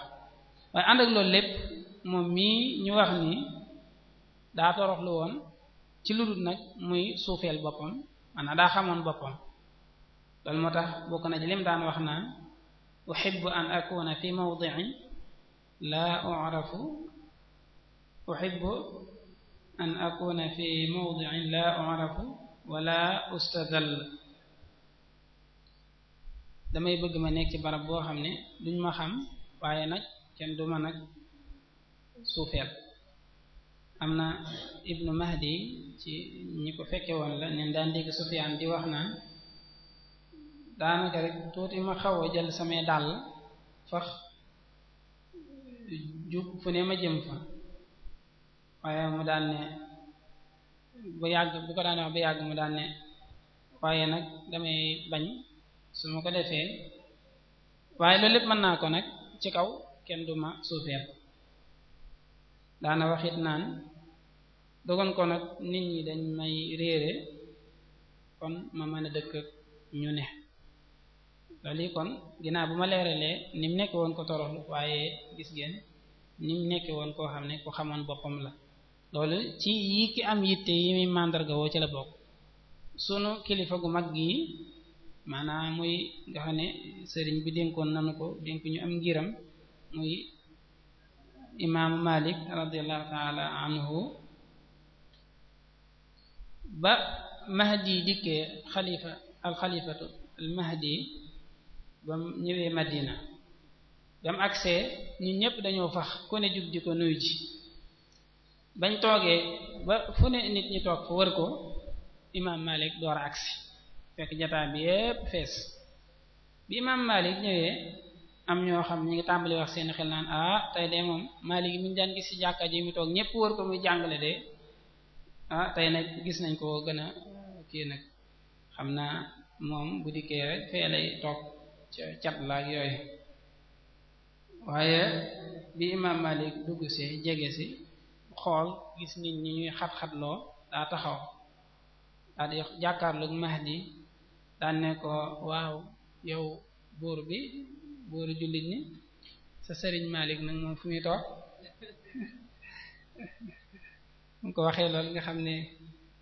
waaye ànd ak loolu lépp moom mii ñu wax ni daa toroxlu woon ci lu dul nag muy suufeel boppam maanaam daa xamoon boppam loolu moo tax bokk na ci lim daan wax naan uhibbu an akuna fi mawdi'in la a'rafu أحب أن أكون في la لا أعرف ولا أستذل damay bëgg ma nekk ci barab boo xam ne duñ ma xam waaye nag kenn du ma nag suufeel am na ibnu mahdi ci ñi ko fekke woon la nen daan dégg sufyaan di wax naan daanaka rek tuuti ma xaw a jël samay dàll fax jub fu ne ma jëm fa waaye mu daal bu yàgg bu ko daan wax bu yàgg mu daal waaye nag damay bañ su ma ko defee waaye loolu lépp naa ko nag ci kaw kenn du ma suufeel daana waxit naan dogon ko nag nit ñi dañ may réere kon ma mën a dëkk ñu ne loolu kon ginnaaw bu ma leeralee ni mu nekk woon ko toroxlu waaye gis ngeen ni nekkee woon koo xam ne ku xamoon boppam la loolu ci yi ki am yitte yi muy màndarga woo ci la bokk sunu kilifa gu mag gi maanaam muy nga xam ne sëriñ bi dénkoon nanu ko dénk ñu am ngiram muy imaamu Malik radiyallahu taala anhu ba mahdi dikkee xalifa alxalifatu almahdi ba ñëwee Madina ba mu agsee ñun ñëpp dañoo fax ku ne di ko nuyu bañ toogee ba fu ne nit ñi toog fa wër ko imaam Malik door a agsi fekk jataa bi yépp fees bi imaam Malik ñëwee am ñoo xam ñi ngi tàmbali wax seen xel naan ah tey de moom Malik mi daan gis ci jàkka ji mu toog ñépp wër ko muy jàngale de ah tey nag gis nañ ko gën a kii nag xam naa moom bu dikkee rek fee lay toog ca cat laak yooyu waaye bi imaam Malik dugg see jege si xool gis nit ñi ñuy xat-xatloo daa taxaw daa di jàkkaarloog Mahdi daan ne ko waaw yow buur bi buuru jullit ñi sa sëriñ Malik nag moom fu muy toog *laughs* mu ko waxee loolu nga xam ne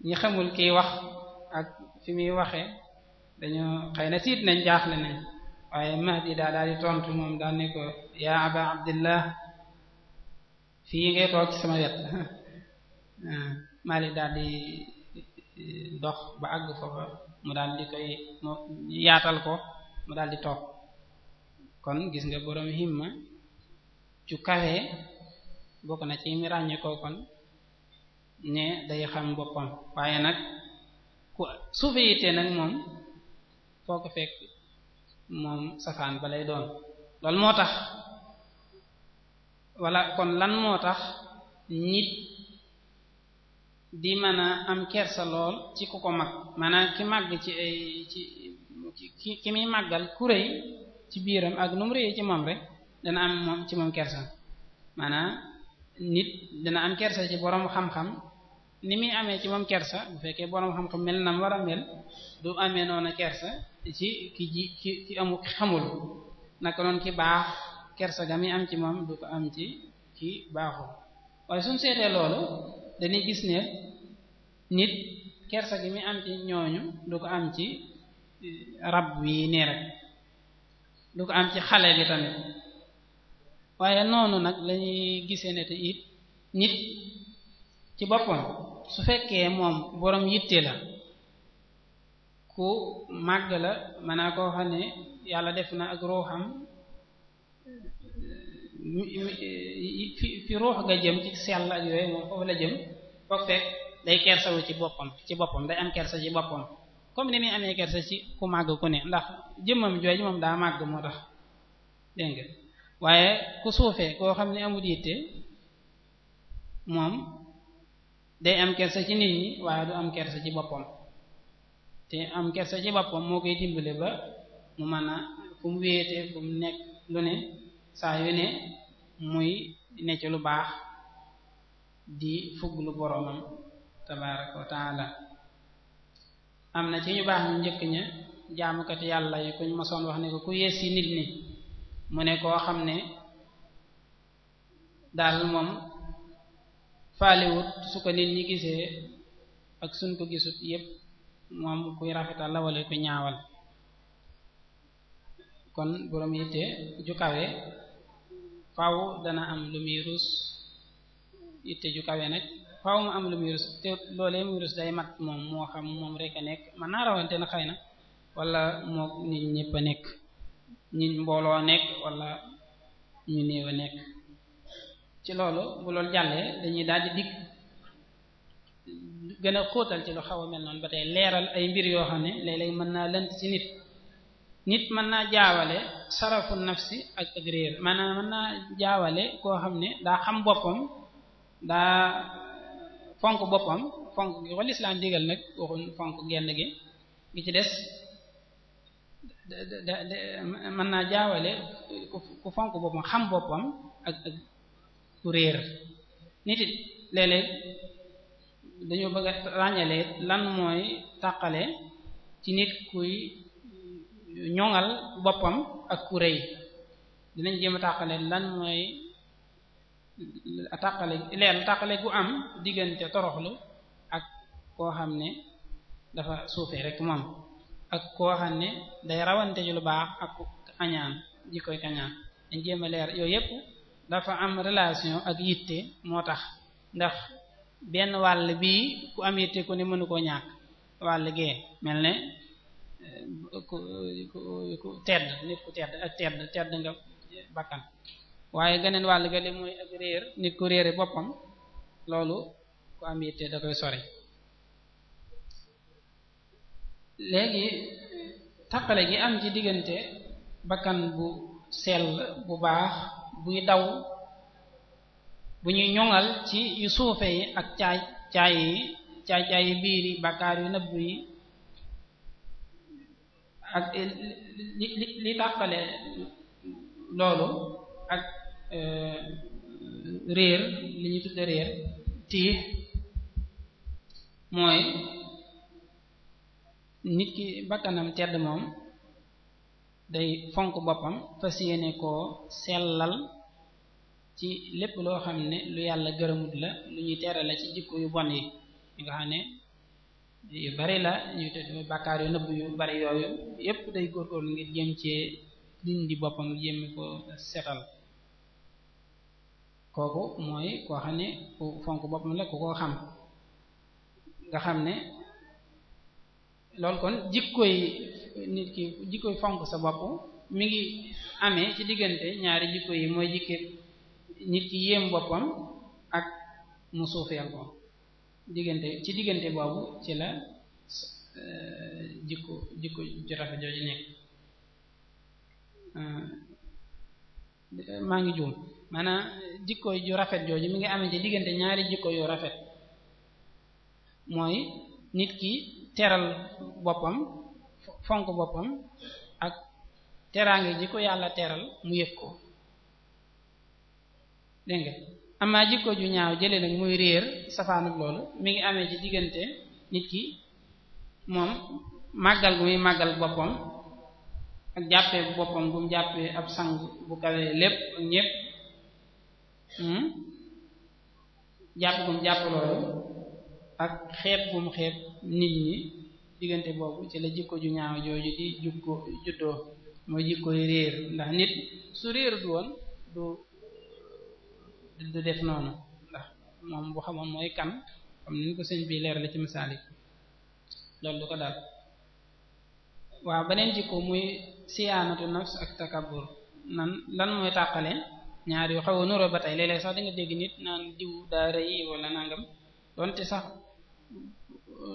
ñi xamul kiy wax ak fi muy waxee dañoo xëy na tiit nañ jaaxle nañ waaye Mahdi daa daal di tontu moom daan ko yaa aba abdillah fii ngay toog ci sama wet *laughs* ah, Malik daal di dox ba àgg foofa mu dal di koy yaatal ko mu daal di toog kon gis nga borom himma cu kawe bokk na ci mi ko kon ne day xam boppam waaye nag ku suufe nag moom foo ko fekk moom safaan ba doon loolu moo tax wala kon lan moo tax nit di mën a am kersa lool ci ko ko mag maanaam ki màgg ci ki ki muy màggal ku rëy ci biiram ak nu mu rëyee ci moom rek dana am moom ci kersa nit dana am kersa ci borom xam-xam ni muy amee ci moom kersa bu fekkee borom xam-xam mel na mu war a mel du amee noonu kersa ci ki ji ki ki amul xamul naka noonu ki baax. kersa ga mi am ci moom du ko am ci ki baaxul waaye suñ seetee loolu dañuy gis ne nit kersa gi muy am ci ñooñu du ko am ci eh, rab wi nii rek du ko am ci xale bi tamit waaye noonu nag lañuy gisee ne te it nit ci boppam su fekkee moom boroom yitte la ku màgg la mën naa koo xam ne yàlla def na ak ruuxam Eh, fi ruux nga jëm ci sell ak yooyu moom foofu la jëm foog fekk day kersawu ci boppam ci boppam day am kersa ci boppam comme ni muy amee kersa ci ku màgg ku ndax jëmmam jooju moom daa màgg moo nga waaye ku suufee koo xam ne amul yitte day am kersa ci nit ñi waaye du am kersa ci boppam te am kersa ci boppam moo koy dimbale ba mu mën a fu wéete fu nekk lu ne saa yu ne muy ne lu baax di fuglu boroomam tabaraka wa taala am na ci ñu baax ñu njëkk ña jaamukat yàlla yi kuñ mosoon wax ne ko ku yées yi nit ñi mu ne koo xam ne daal moom faaliwut su ko nit ñi gisee ak suñ ko gisut yépp moom kuy rafetal la wala ku ñaawal kon borom yitte ju kawe faw dana am lu muy ruus itte ju kawe nag faw mu am lu muy ruus te loolee muy ruus day mat moom moo xam moom rek a nekk man naa rawante na xëy na wala moo nit ñëpp a nekk nit mbooloo nekk wala ñu néew a nekk ci loolu bu loolu jàllee dañuy daal di dikk gën a xóotal ci lu xaw a mel noonu ba tey leeral ay mbir yoo xam ne léeg mën naa lënt ci nit nit mën naa jaawale sarafu nafsi ak ak réer maanaam mën naa jaawale koo xam ne daa xam boppam daa fonk boppam fonk gi ko lislaam digal nag fonk genn gi gi ci des da mën naa jaawale ku fonk boppam xam boppam ak ak réer nit it léeg dañoo bëgg a ràññale lan mooy tàqale ci nit kuy ñoŋal boppam ak ku rëy dinañ jéem a tàqale lan mooy tàqale leer tàqale gu am diggante toroxlu ak koo xam ne dafa suufee rek moom ak koo xam ne day rawante ju lu baax ak añaan jikkoy kañaan dañ jéem a leer yooyu yépp dafa am relation ak yitte moo tax ndax benn wàll bi ku am yitte ku ne mënu koo ñàkk wàll gee mel ne ku ku tedd nit ku tedd ak tedd tedd nga bakkan waaye geneen wàll ga li mooy ak réer nit ku réere boppam loolu ku am yitte da koy sori léegi tappale gi am ci diggante bakkan bu sell bu baax buy daw bu ñuy ñoŋal ci yu suufe yi ak caay caay yi caay caay yi biir yi bakkaar yu nëbb yi ak eh, li li li tàqale loolu ak eh, réer li ñuy tudde réer tiix mooy nit ki bakkanam tedd moom day fonk boppam fas yéene koo sellal ci lépp loo xam ne lu yàlla gërëmut la lu ñuy tere la ci jikko yu bon yi nga xam ne yu bari la ñu tudd bàkkaar yu nëbb yu bari yooyu yépp day góorgóorlu ngir jéem cee dindi boppam jéem ko setal kooku mooy koo xam ne ku fonk boppam xam nga xam ne loolu kon jikkoy nit ki jikkoy fonk sa bopp mu ngi amee ci diggante ñaari jikko yi mooy jikke nit ki yéem boppam ak mu suufeel ko diggante ci diggante boobu ci la eh, jikko jikko ju rafet jooju nekk eh, maa ngi juum maanaam jikko ju rafet jooju mi ngi amee ci diggante ñaari jikko yu rafet mooy nit ki teral boppam fonk boppam ak teraange ji ko yàlla teral mu yëg ko dégg amaa jikko ju ñaaw jële nag muy réer safaan ak loolu mi ngi amee ci diggante nit ki moom màggal gu muy màggal boppam ak jàppee boppam bu mu jàppee ab sang bu kawee lépp ak ñépp hmm? jàpp gu jàpp loolu ak xeeb gu mu nit ñi diggante boobu ci la jikko ju ñaaw jooju di jukko juddoo mooy jikko réer ndax nit su réer du du def noonu ndax moom bu xamoon mooy kan xam ni ko sëñ bi leer la ci misaal yi loolu du ko dal waaw beneen jikko muy siyaanatu nafs ak takabur nan lan mooy tàqale ñaar yu xaw a nuroo ba tey léeg sax di dégg nit naan diw daa rëy wala nangam donte sax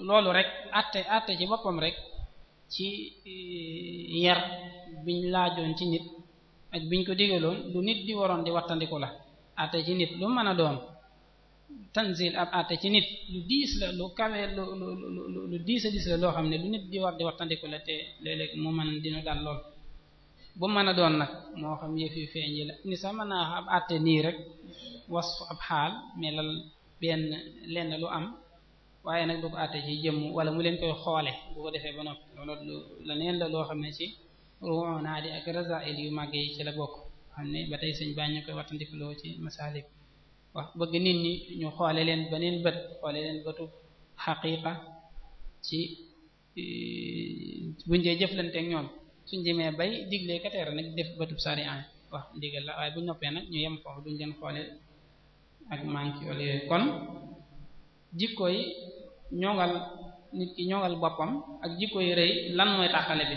loolu rek atte atte ci boppam rek ci e, yar biñ laajoon ci nit ak biñ ko digaloon lu nit di waroon di wattandiku la àtte ci nit lu mën a doon tanzil ab àtte ci nit lu diis la lu kawe lu lu lu lu diis a diis la loo xam ne lu nit di war di waxtandiku la te léeg-léeg mu dina dal lool bu mën a doon nag moo xam yëf yu la ni naa ab nii rek wasfu ab xaal melal benn lenn lu am waaye nag ko àtte ci jëmm wala mu leen koy xoole bu ba noppi loolu la loo xam ne ci ruunaadi ak rasail yu màgg yi ci la bokk xam ne ba tey sëñ baa ñu koy wattandikuloo ci masaalik wax bëgg nit ñi ñu xoole leen beneen bët xoole leen bëtu xaqiqa ci e, buñ dee jëflante ak ñoom suñ demee bay digle kateer nag def bëtub sarian wax ndigal la waaye bu noppee nag ñu yem foofu duñ leen xoole ak manque wala yooyu kon jikko yi ñoŋal nit ki ñoŋal boppam ak jikko yi rëy lan mooy taxale bi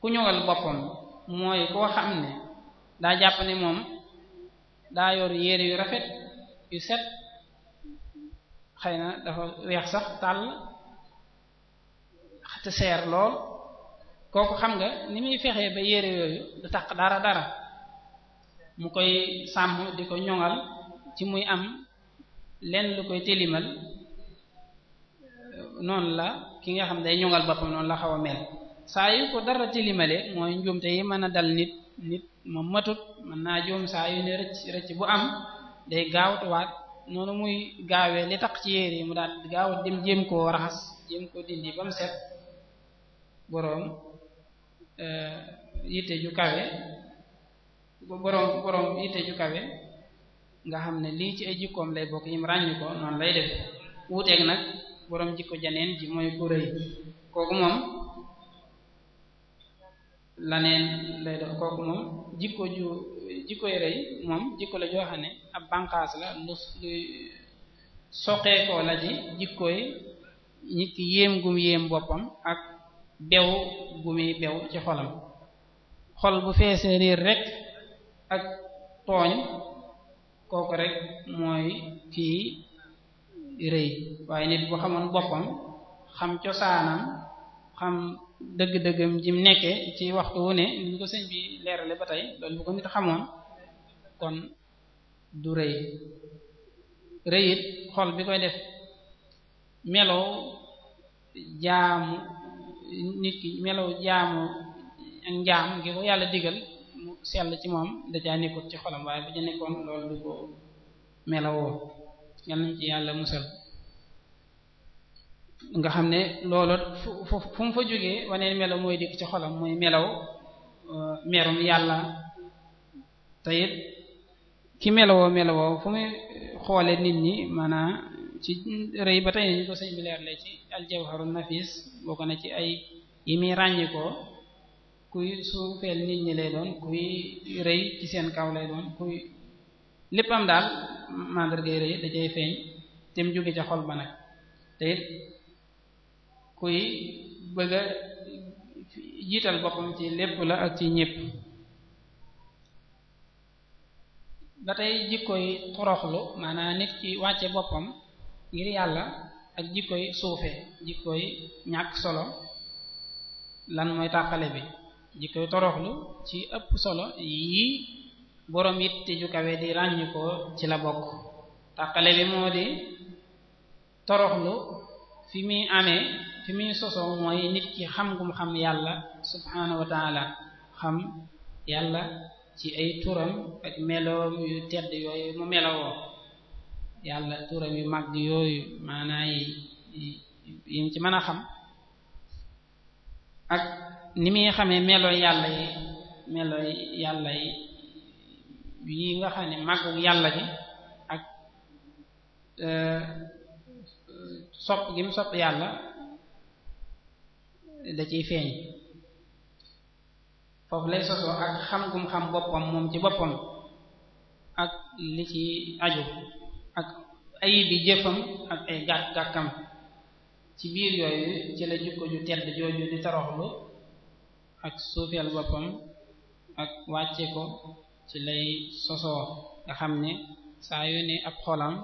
ku ñoŋal boppam mooy koo xam ne daa jàpp ne moom daa yor yére yu rafet yu set xëy na dafa weex sax tàll te lool kooku xam nga ni muy fexee ba yére yooyu du taq dara dara mu koy sàmm di ko ñoŋal ci muy am lenn lu koy tilimal noonu la ki nga xam day ñoŋal boppam noonu la xaw a mel saa yu ko dara tilimale mooy njuumte yi mën a dal nit nit moom matut mën naa juum saa yu ne rëcc rëcc bu am day gaawtuwaat noonu muy gaawee li tax ci yére yi mu daal gaawat dem jéem koo raxas jéem koo dindi ba mu set euh, boroom yitte ju kawe nga xam ne lii ci ay jikkoom lay bokk yim ràññ ko noonu lay def wuuteeg nag boroom jikko janeen ji mooy ku rëy kooku moom laneen lay doon kooku moom jikko ju jikko rëy moom jikko la joo xam ne ab bànqaas la lu soqeekoo la ji jikkoy nit ki yéem gum yéem boppam ak bew gumuy bew ci xolam xol bu feesee riir rek ak tooñ kooku rek mooy kii rëy waaye nit bu xamoon boppam xam cosaanam xam dëgg-dëggam jim nekkee ci waxtu wu ne ni ñu ko sëñ bi leerale ba tey loolu bu ko nit xamoon kon du rëy rëy xol bi koy def melow jaamu nit ki melow jaamu ak njaam ngi ko yàlla digal mu sell ci moom dajaa nekkut ci xolam waaye bu ci nekkoon loolu du ko melowoo yal nañ ci yàlla musal nga xam ne loolu fu fu mu fa jógee waneen melaw mooy dikk ci xolam mooy melaw uh, merum yàlla te ki melawoo melawoo fu muy xoole nit ñi maanaam ci rëy ba tey ñu ko sëñ bi leerle ci aljawharun nafis na ci ay yi muy ràññikoo kuy suufeel nit ñi lay doon kuy rëy ci seen kaw lay doon kuy léppam daal mandargay rëy da feeñ te jóge ca xol ba nag te kuy bëgg a jiital boppam ci lépp la ak ci ñépp ba tey jikkoy toroxlu maanaam nit ki wàcce boppam ngir yàlla ak jikkoy suufe jikkoy ñàkk solo lan mooy tàqale bi jikkoy toroxlu ci ëpp solo yii boroom it te ju kawe di ràññi ko ci la bokk tàqale bi moo di toroxlu fi muy amee fi muy sosoo mooy nit ki xam gum xam yàlla subhaanahu wa xam yàlla ci ay turam ak meloom yu tedd yooyu mu melowoo yàlla turam yu mag yooyu maanaa yi ci mën a xam ak ni muy xamee melooy yàlla yi melooy yàlla yi yi nga xam ne màggu yàlla ji ak euh, sopp gi mu sopp yàlla da ciy feeñ foofu lay sosoo ak xam gum xam boppam moom ci boppam ak li ci aju ak ayibi jëfam ak ay gàkk gàkkam ci biir yooyu ci la jukko ju tedd jooju di toroxlu ak suufeel boppam ak wàcce ko ci lay sosoo nga xam ne saa yu ne xolam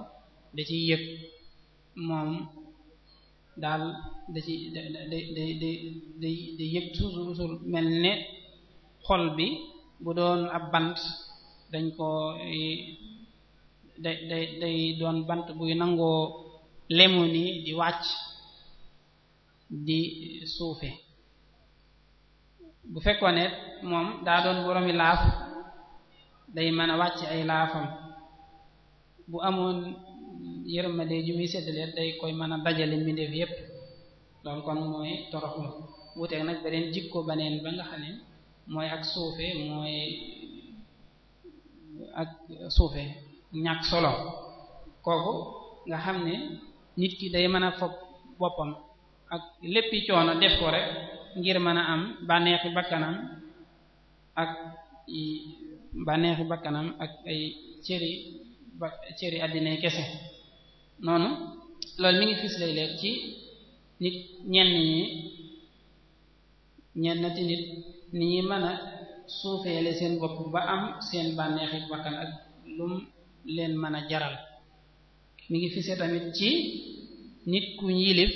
da ciy yëg moom daal da ci da da da da da yëg toujours toujours mel ne xol bi bu doon ab bant dañ ko eh, day day doon bant buy nangoo lemu ni di wàcc di suufe bu fekkoon moom daa doon boroomi laaf day mën a wàcc ay laafam bu amoon yërmande ju muy séddale day koy mën a dajale mbindeef yépp loolu kon mooy toroxlu wuuteeg nag beneen jikko baneen ba nga xam ne mooy ak suufe mooy ak suufe ñàkk solo kooku nga xam ne nit ki day mën a foog boppam ak léppi coono def ko rek ngir mën a am bànneexi bakkanam ak bànneexi bakkanam ak ay cëri ba cëri àddinay kese noonu loolu mi ngi fis lay léeg ci nit ñenn ñi ñenn ci nit ni ñi mën a suufeele seen bopp ba am seen bànneexi bakkan ak lum leen mën a jaral mu ngi fise tamit ci nit ku yilif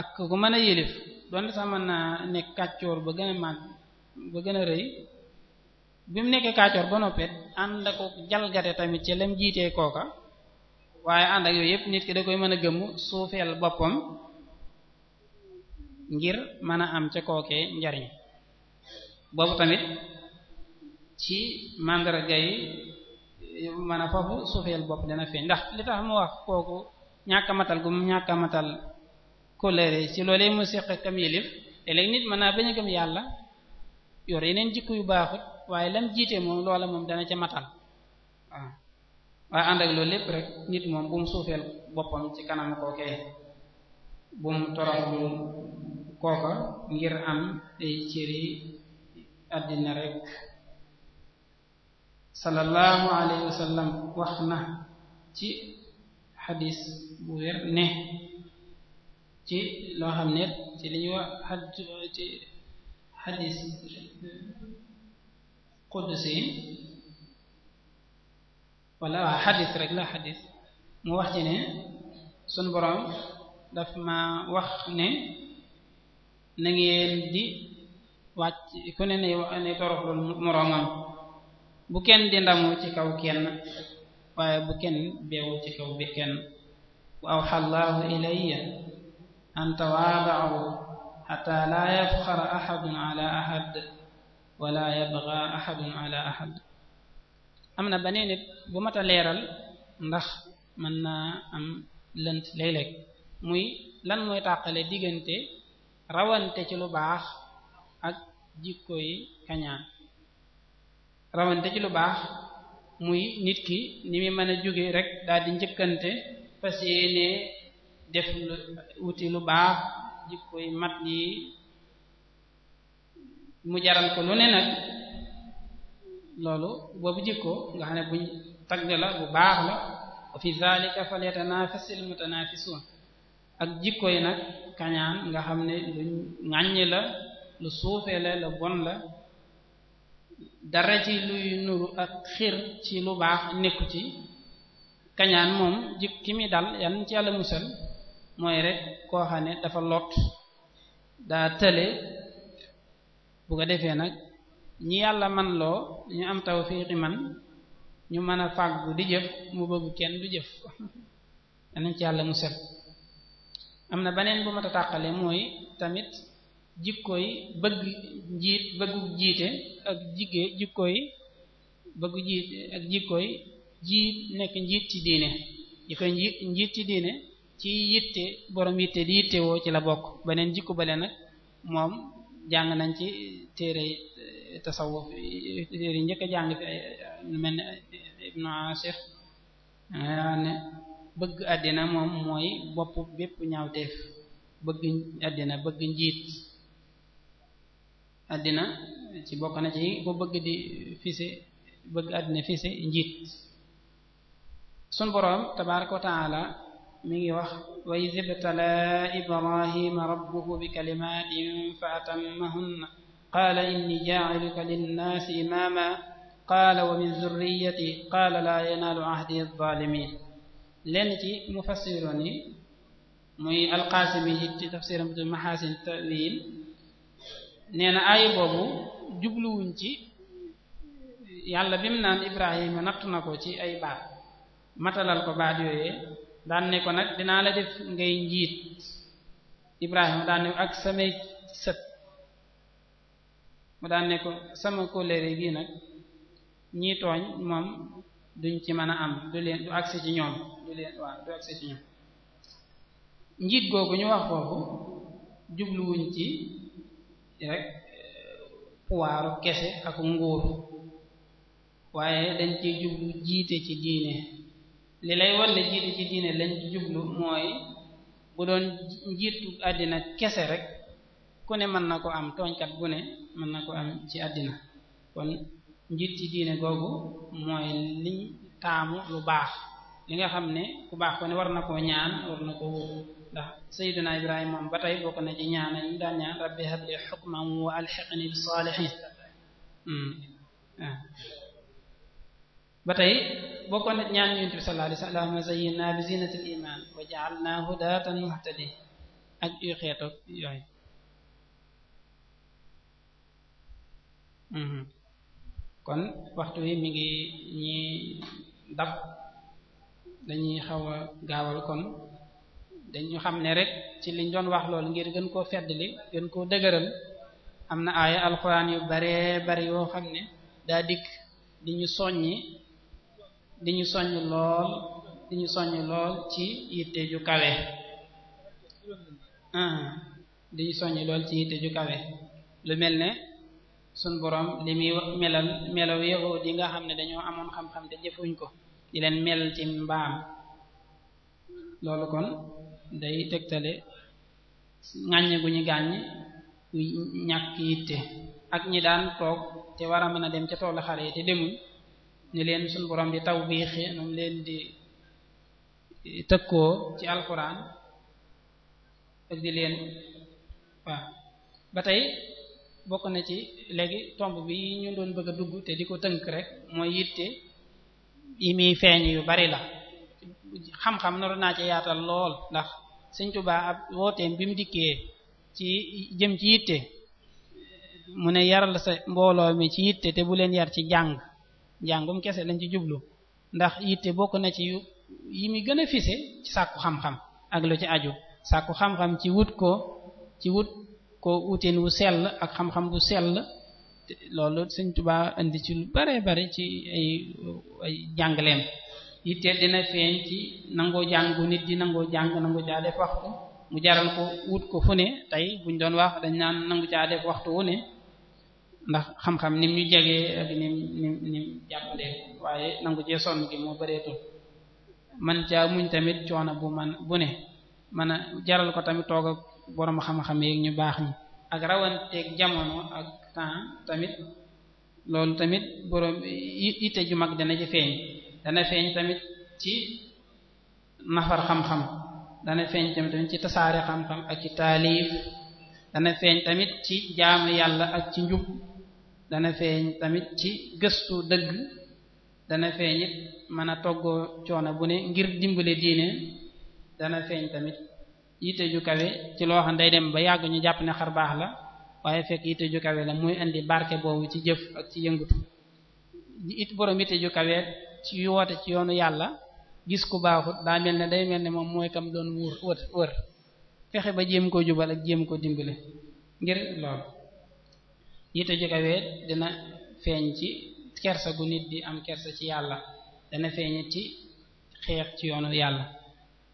ak ku mën a yilif donte sa mën naa nekk kàccoor ba gën a màgg ba gën a rëy bi mu nekkee kàccoor ba noppet ànd ak jalgate tamit ci lam jiitee kooka waaye ànd ak yooyu yëpp nit ki da koy mën a gëmm suufeel boppam ngir mën a am ca kooke njariñ boobu tamit ci màndarga yi mën a foofu suufeel bopp dana feeñ ndax li tax mu wax kooku ñàkka matal gu mu ñàkk matal kóllëre ci loolee mu séq kam yëlif te léegi nit mën naa bañ a gëm yàlla yor yeneen jikko yu baaxut waaye lam jiite moom loola moom dana ca matal waaw waaye ànd ak loolu lépp rek nit moom bu mu suufeel boppam ci kanam kookee bu mu toroxlu ngir am ay cëri àddina rek sallallahu alayhi wa wax na ci xadis bu wér ne ci loo xam ne ci li ñuy wax xad ci xadis qudsi wala waa xadis rek la xadis mu wax ci ne sunu boroom daf ma wax ne na di wàcc ku ne ne toroxlul moroomam bu kenn di ndamu ci kaw kenn waaye bu kenn beewu ci kaw bi kenn wa awxa llahu ilayya an tawaadacu xata laa yafxara axadun ala axad wala yabga axadun axad am na beneen it bu mat a leeral ndax mën naa am lënt léeg muy lan mooy tàqale diggante rawante ci lu baax ak jikko yi kañaan rawante ci lu baax muy nit ki ni mu mën a jóge rekk daal di njëkkante fas yéene def wuti lu baax jikko yi mat yi mu jaral ko lu ne nag loolu boobu jikkoo nga xam ne buñ tagg la bu baax la wa fi naa falyatanafisil mutanafisun ak jikko yi nag kañaan nga xam ne luñ ŋàññi la lu suufee la la bon la dara ci luy nuru ak xir ci lu baax nekku ci kañaan moom jik ki mi dal yan ci yàlla musal mooy rek koo xam ne dafa lot daa tële bu ko defee nag ñi yàlla man loo ñu am tawfiqi man ñu mën a fàggu di jëf mu bëggu kenn du jëf danañ *laughs* ci yàlla mu set am na beneen bu ma ta tàqale mooy tamit jikkooy bëgg njiit bëggu jiite ak jigée jikkooy bëggu jiite ak jikkooy jiit nekk njiit ci diine jikkooy njiit njiit ci diine ci yitte borom yitte di yitte ci la bokk beneen jikko bale nag moom jàng nañ ci téere tasawuf téere yi njëkk jàng fi ay mel ne ibnu asir ah, ne bëgg àddina moom mooy bopp bépp ñaawteef bëgg àddina bëgg njiit àddina ci bokk na ci ko bëgg di fise bëgg àddina fise njiit sun tabaraka wa taala mi ngi wax wa iz ibtalaa rabbuhu bi kalimatin fa atammahunna قال إني جاعلك للناس إماما قال ومن ذريتي قال لا ينال عهدي الظالمين lenn ci mufassiroon muy alqaasimi yi ci tafsiram bi maxaasin tawil nee na aaya boobu jubluwuñ ci yàlla bi mu naan Ibrahima nattu na ko ci ay baat matalal ko baat yooyee daan ko nag dinaa la def ngay njiit Ibrahima daan ne ak samay sët mu daan ne ko sama kóllëre gi nag ñii tooñ moom duñ ci mën a am du leen du accès ci ñoom du njiit googu ñu wax foofu jubluwuñ ci rek eh, puwaaru kese ak nguur waaye dañ ci jublu jiite ci diine li lay wan ne jiite ci diine lañ jublu mooy bu doon njiitu àddina kese rek ku ne mën na ko am tooñkat bu ne mën na ko am ci àddina kon njiit ci diine googu mooy liñ taamu lu baax li nga xam ne ku baax ko ne war na ko ñaan war na ko wóoru ndax sayyidina moom ba tay bokk na ci ñaana ñu daan ñaan rabbi habli hmm. ah. ba tey bokkoon na ñaan yonent bi sallallahu alayhi wa sallam zayyinna bi ak yu xeetoog yooyu Mm-hmm. kon waxtu wi mi ngi ñii dab dañuy xaw a gaawal kon dañu xam ne rek ci liñ doon wax lool ngir gën koo feddali gën koo dëgëral am na aaya alxuraan yu baree bari yoo xam ne daa dikk di ñu soññi di ñu soññ lool di ñu soññ lool ci yitte ju kawe ah, di ñu soññ lool ci yitte ju kawe lu mel ne sun borom li muy melal melaw yahud yi nga xam ne dañoo amoon xam-xam te jëfuñ ko di leen mel ci mbaam loolu kon day tegtale ŋàññe gu ñu gàññi ku ñàkk yitte ak ñi daan toog te war a mën a dem ca toolu xare yi te demuñ ni leen suñ borom di taw biixi num leen di tëkkoo ci alxuraan ak di leen waaw ba tey bokk na ci léegi tomb bi ñu doon bëgg a dugg te di ko tënk rek mooy yitte yi muy feeñ yu bari la xam-xam naru naa ci yaatal lool ndax Sëriñ Tuubaa ab wooteem bi mu dikkee ci jëm ci yitte mu ne yaral sa mbooloo mi ci yitte te bu leen yar ci jàng jàngum kese lañ ci jublu ndax yitte bokk na ci yu yi muy gën a fise ci sàkku xam-xam ak lu ci aju sàkku xam-xam ci wut ko ci wut ko wutin wu sell ak xam-xam bu sell loolu sëñ tubaa indi ci lu bare bare ci ay ay jàngaleem yitte dina feeñ ci nangoo jàngu nit di nangoo jàng nangu caa def waxtu mu jaral ko wut ko fu ne tey buñ doon wax dañ naan nangu caa waxtu wu ne ndax xam-xam nim ñu jegee ak nim nim nim jàppalee waaye nangu cee sonn gi moo bareetul man caa muñ tamit coono bu man bu ne man a jaral ko tamit toog boroom xam-xam yeeg ñu baax ñi ak rawanteeg jamono ak temps tamit loolu tamit boroom ite ju mag dana ci feeñ dana feeñ tamit ci nafar xam-xam dana feeñ tamit ci tasaare xam-xam ak ci taalif dana feeñ tamit ci jaamu yàlla ak ci njub dana feeñ tamit ci gëstu dëgg dana feeñ it mën a toggoo coono bu ne ngir dimbale diine dana feeñ tamit yitte ju kawe ci loo xam day dem ba yàgg ñu jàpp ne xar baax la waaye fekk yitte ju kawe la muy indi barke boobu ci jëf ak ci yëngatu it borom yitte ju kawe ci yoonu yàlla gis ku baaxut daa day mel ne moom mooy kam doon wër wër fexe ba jéem koo jubal ak jéem koo dimbale ngir loolu dina feeñ ci kersa gu nit di am kersa ci yàlla dana feeñ ci xeex ci yoonu yàlla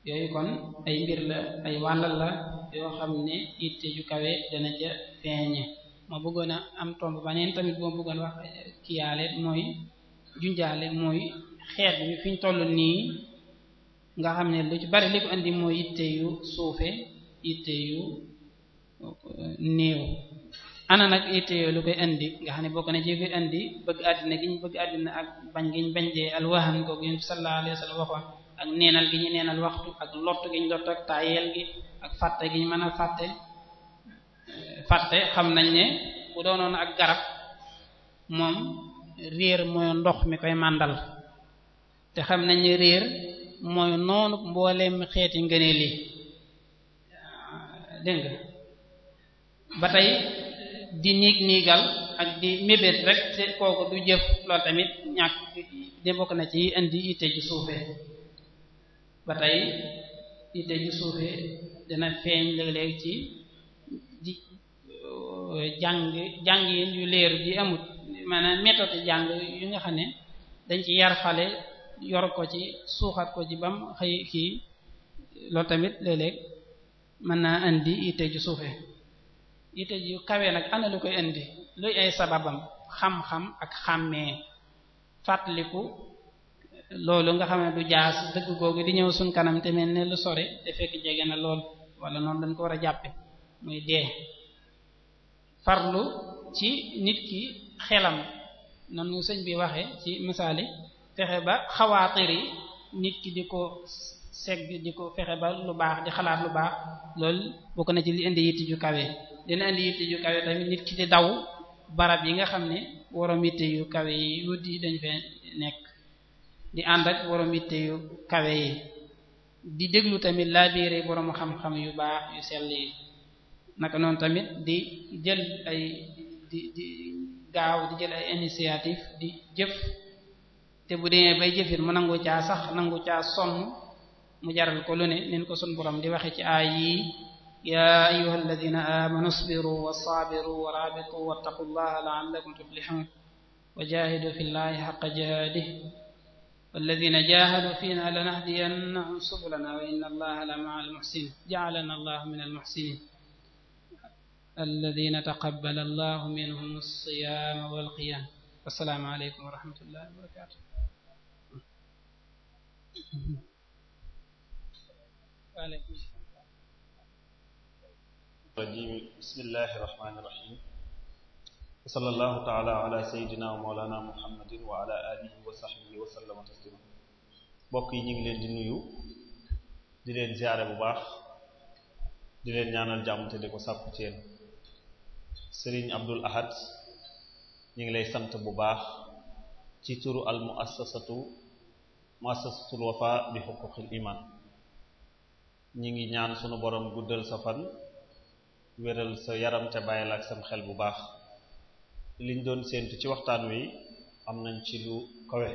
yooyu kon ay mbir la ay wàllal la yoo xam ne itte yu kawe dana ca feeñe ma bëggoon a am tomb baneen tamit boo bëggoon wax eh, kiyaale mooy junjaale mooy xeet bi fi ñu toll nii nga xam ne lu ci bari li indi mooy itte yu suufe itte yu eh, néew ana nag itte yooyu lu koy indi nga xam ne bokk na ci koy indi bëgg àddina gi ñu bëgg àddina ak bañ gi ñu bañ dee alwahan kooku yéen wa ak neenal gi ñu neenal waxtu ak lott gi ñu lott ak tayel gi ak fàtte gi ñu mën a fàtte eh, fàtte xam nañ ne bu doonoon ak garab moom réer mooy ndox mi koy màndal te xam nañ ne réer mooy noonu mboole mbooleem xeeti ngëneel yi dégg nga ba tey di niig niigal ak di mébét rek te kooku du jëf loolu tamit ñàkk di bokk na ci indi ite ci suufee ba tey yitte ju suufe dina feeñ léeg-léeg ci ji euh, jàng jàng yin yu leeru ji amut maanaam méthode jàng yu nga xam ne dañ ci yar yor ko ci suuxat ko ci bam xëy kii loo tamit léeg-léeg mën naa indi yitte ju suufe yitte ju kawe nag ana lu koy indi luy ay sababam xam-xam ak xàmmee fàttaliku loolu nga xam ne du jaas dëgg googu di ñëw suñ kanam te mel ne lu sori te fekk jege na lool wala noonu dañ ko war a jàppe muy dee farlu ci nit ki xelam noonu sëñ bi waxe ci misaali fexe ba xawaatir yi nit ki di ko segg di ko fexe ba lu baax di xalaat lu baax lool bokk na ci li indi yitte ju kawe dina indi yitte kawe tamit nit ki di daw barab yi nga xam ne waroom yitte yu kawe yi wut yi dañ fee nekk di ànd ak borom yitte yu kawe yi di déglu tamit laabiire borom xam-xam yu baax yu sell yi naka noonu tamit di jël ay di di gaaw di jël ay initiative di jëf te bu demee bay jëfit mu nangu caa sax nangu caa son mu jaral ko lu ne nin ko sun borom di waxe ci aay yi yaa ayyuha alladina amanu isbiru wasaabiru wa raabitu wattaqullaha la'allakum tuflihun wa jaahidu fillahi haqqa jihaadihi والذين جاهدوا فينا لنهدينهم سبلنا وإن الله لمع المحسنين جعلنا الله من المحسنين الذين تقبل الله منهم الصيام والقيام السلام عليكم ورحمة الله وبركاته وعليكم السلام بسم الله الرحمن الرحيم sallallahu taala ala sayidina wa maulana muhammadin wa ala wa sahbihi wa sallama taslima mbokk yi ñu ngi leen di nuyu di leen ziare bu baax di leen ñaanal jàmm te di ko sàkku ci yéen sëriñ abdul ahad ñu ngi lay sant bu baax ci turu al muassasatu muassasatul wafa bi xuquqil iman ñi ngi ñaan sunu borom guddal sa fan wéral sa yaram te bàyyil ak sam xel bu baax liñ doon séentu ci waxtaan wi am nañ ci lu kawe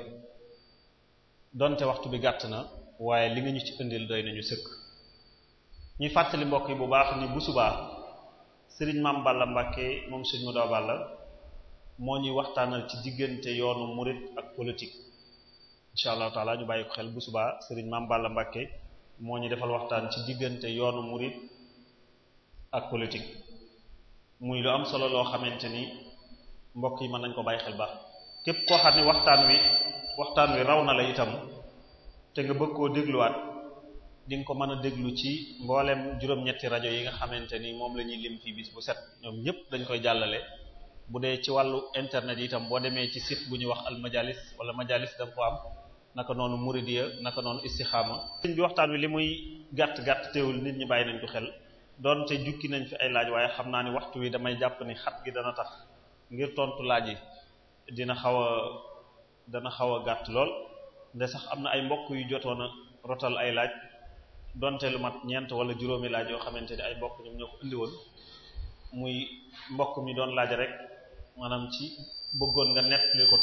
donte waxtu bi gàtt na waaye li nga ñu ci indil doy nañu sëkk ñuy fàttali mbokk yi bu baax ni bu subaa sëriñ Maam Balla Mbàkke moom sëriñ Modu Balla moo ñuy waxtaanal ci diggante yoonu murit ak politique insha allahu taala ñu bàyyi xel bu subaa sëriñ Maam moo ñu defal waxtaan ci diggante yoonu murit ak politique muy lu am solo xamante ni mbokk yi man nañ ko bàyyi xel baax képp koo xam ne waxtaan wi waxtaan wi raw na la itam te nga bëgg koo dégluwaat dinga ko mën a déglu ci mboolem juróom-ñetti rajo yi nga xamante ni moom la ñuy lim fii bis bu set ñoom ñëpp dañ koy jàllale bu dee ci wàllu internet yi itam boo demee ci site bu ñuy wax almajalis wala majalis da nga ko am naka noonu muridiya naka noonu istixaama sëñ bi waxtaan wi li muy gàtt-gàtt teewul nit ñi bàyyi nañ ko xel doon te jukki nañ fi ay laaj waaye xam naa ni waxtu wi damay jàpp ni xat gi dana tax ngir tontu laaj yi dina xaw a dana xaw a gàtt lool nde sax am na ay mbokk yu jotoon a rotal ay laaj donte lu mat ñeent wala juróomi laaj yoo xamante ni ay mbokk ñoom ñoo ko muy mbokk mi doon laaj rek maanaam ci bëggoon nga nettali ko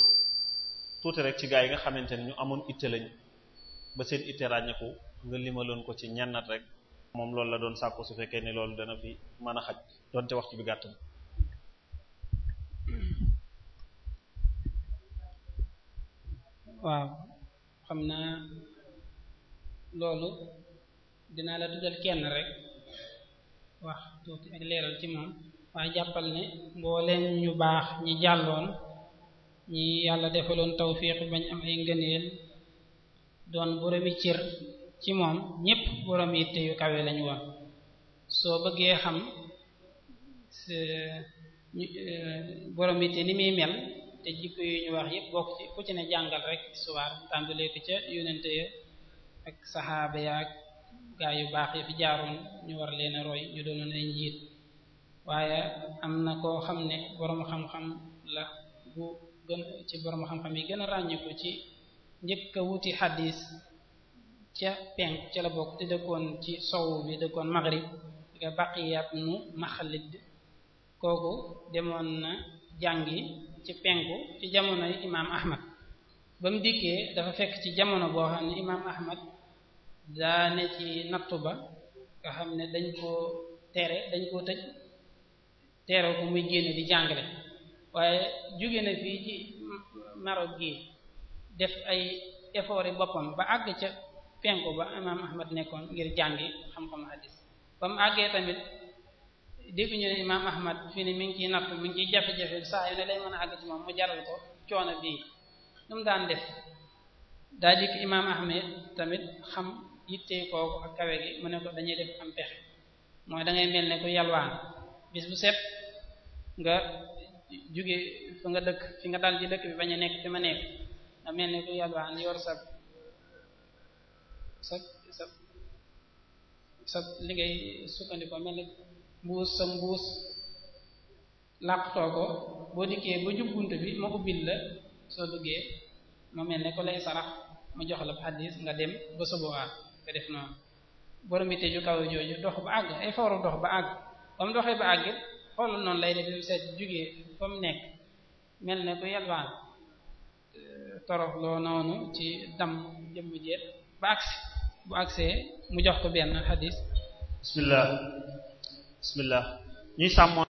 tuuti rek ci gaa yi nga xamante ne ñu amoon itte lañ ba seen itte ràññeeku nga limaloon ko ci ñennat rek moom loolu la doon sàkku su fekkee ni loolu dana fi mën a xaj donte waxtu bi gàtt na waaw xam naa loolu dinaa la tuddal kenn rek wax tuuti ak leeral ci moom waaye jàppal ne mbooleen ñu baax ñi jàlloon ñi yàlla defaloon tawfiq bañ am ay ngëneel doon boromi cër ci moom ñépp borom yitte yu kawe lañu woon soo bëggee xam eh, borom yitte ni muy mel te jikko yu ñu wax yëpp bokk ci ku ci ne jàngal rek histoire tàmbalee ko ca yonente ak saxaaba ya gaa yu baax yi fi jaaroon ñu war leen roy ñu doonoon ay njiit waaye am na koo xam ne borom xam-xam la bu gën ci borom xam-xam yi gën a ràññeeku ci njëkk a wuti xadis ca penk ca la bokk te dëkkoon ci sow bi dëkkoon maghrib nga baqiyat nu maxalid kooku demoon na jàng yi ci penku ci jamonoy imaam Ahmad ba mu dikkee dafa fekk ci jamono boo xam ne imaam Ahmad daa ne ci nattu ba nga xam ne dañ koo tere dañ koo tëj teeroo ko muy génn di jàngale waaye jóge na fii ci Maroc gi def ay effort boppam ba àgg ca penku ba imaam Ahmad nekkoon ngir jàngi xam-xam hadis ba àggee tamit. dégg ñu ne imaam ahmad fii ne mi ngi ciy napp mi ngi jafe-jafe saa yu ne lay mën a àgg ci moom mu jaral ko coono bii nu mu daan def daa dikk imaam ahmad tamit xam yittee kooku ak kawe gi mu ne ko dañuy def am pexe mooy da ngay mel ne ku yalwaan jóge fa dëkk fi nga dal ci dëkk bi bañ nekk fi ma mel ne ku yalwaan yor sa sa sa sa sukkandikoo mel ne mbuus sa mbuus làqtoo ko boo dikkee ba jub bunt bi ma ubbil la soo duggee ma mel ne ko lay sarax ma jox la xaddis nga dem ba subuwaar nga def noonu borom bi teju kaw jooju dox ba àgg ay fooru dox ba àgg ba mu doxee ba àggit xoolal noonu lay def bi seet jugee fa nekk mel ne ku yelwaan euh, torof loo noonu ci dam jëmm jeet ba agsi bu agsee mu jox ko benn xaddis bismillah bismillah ñuy sàmmoon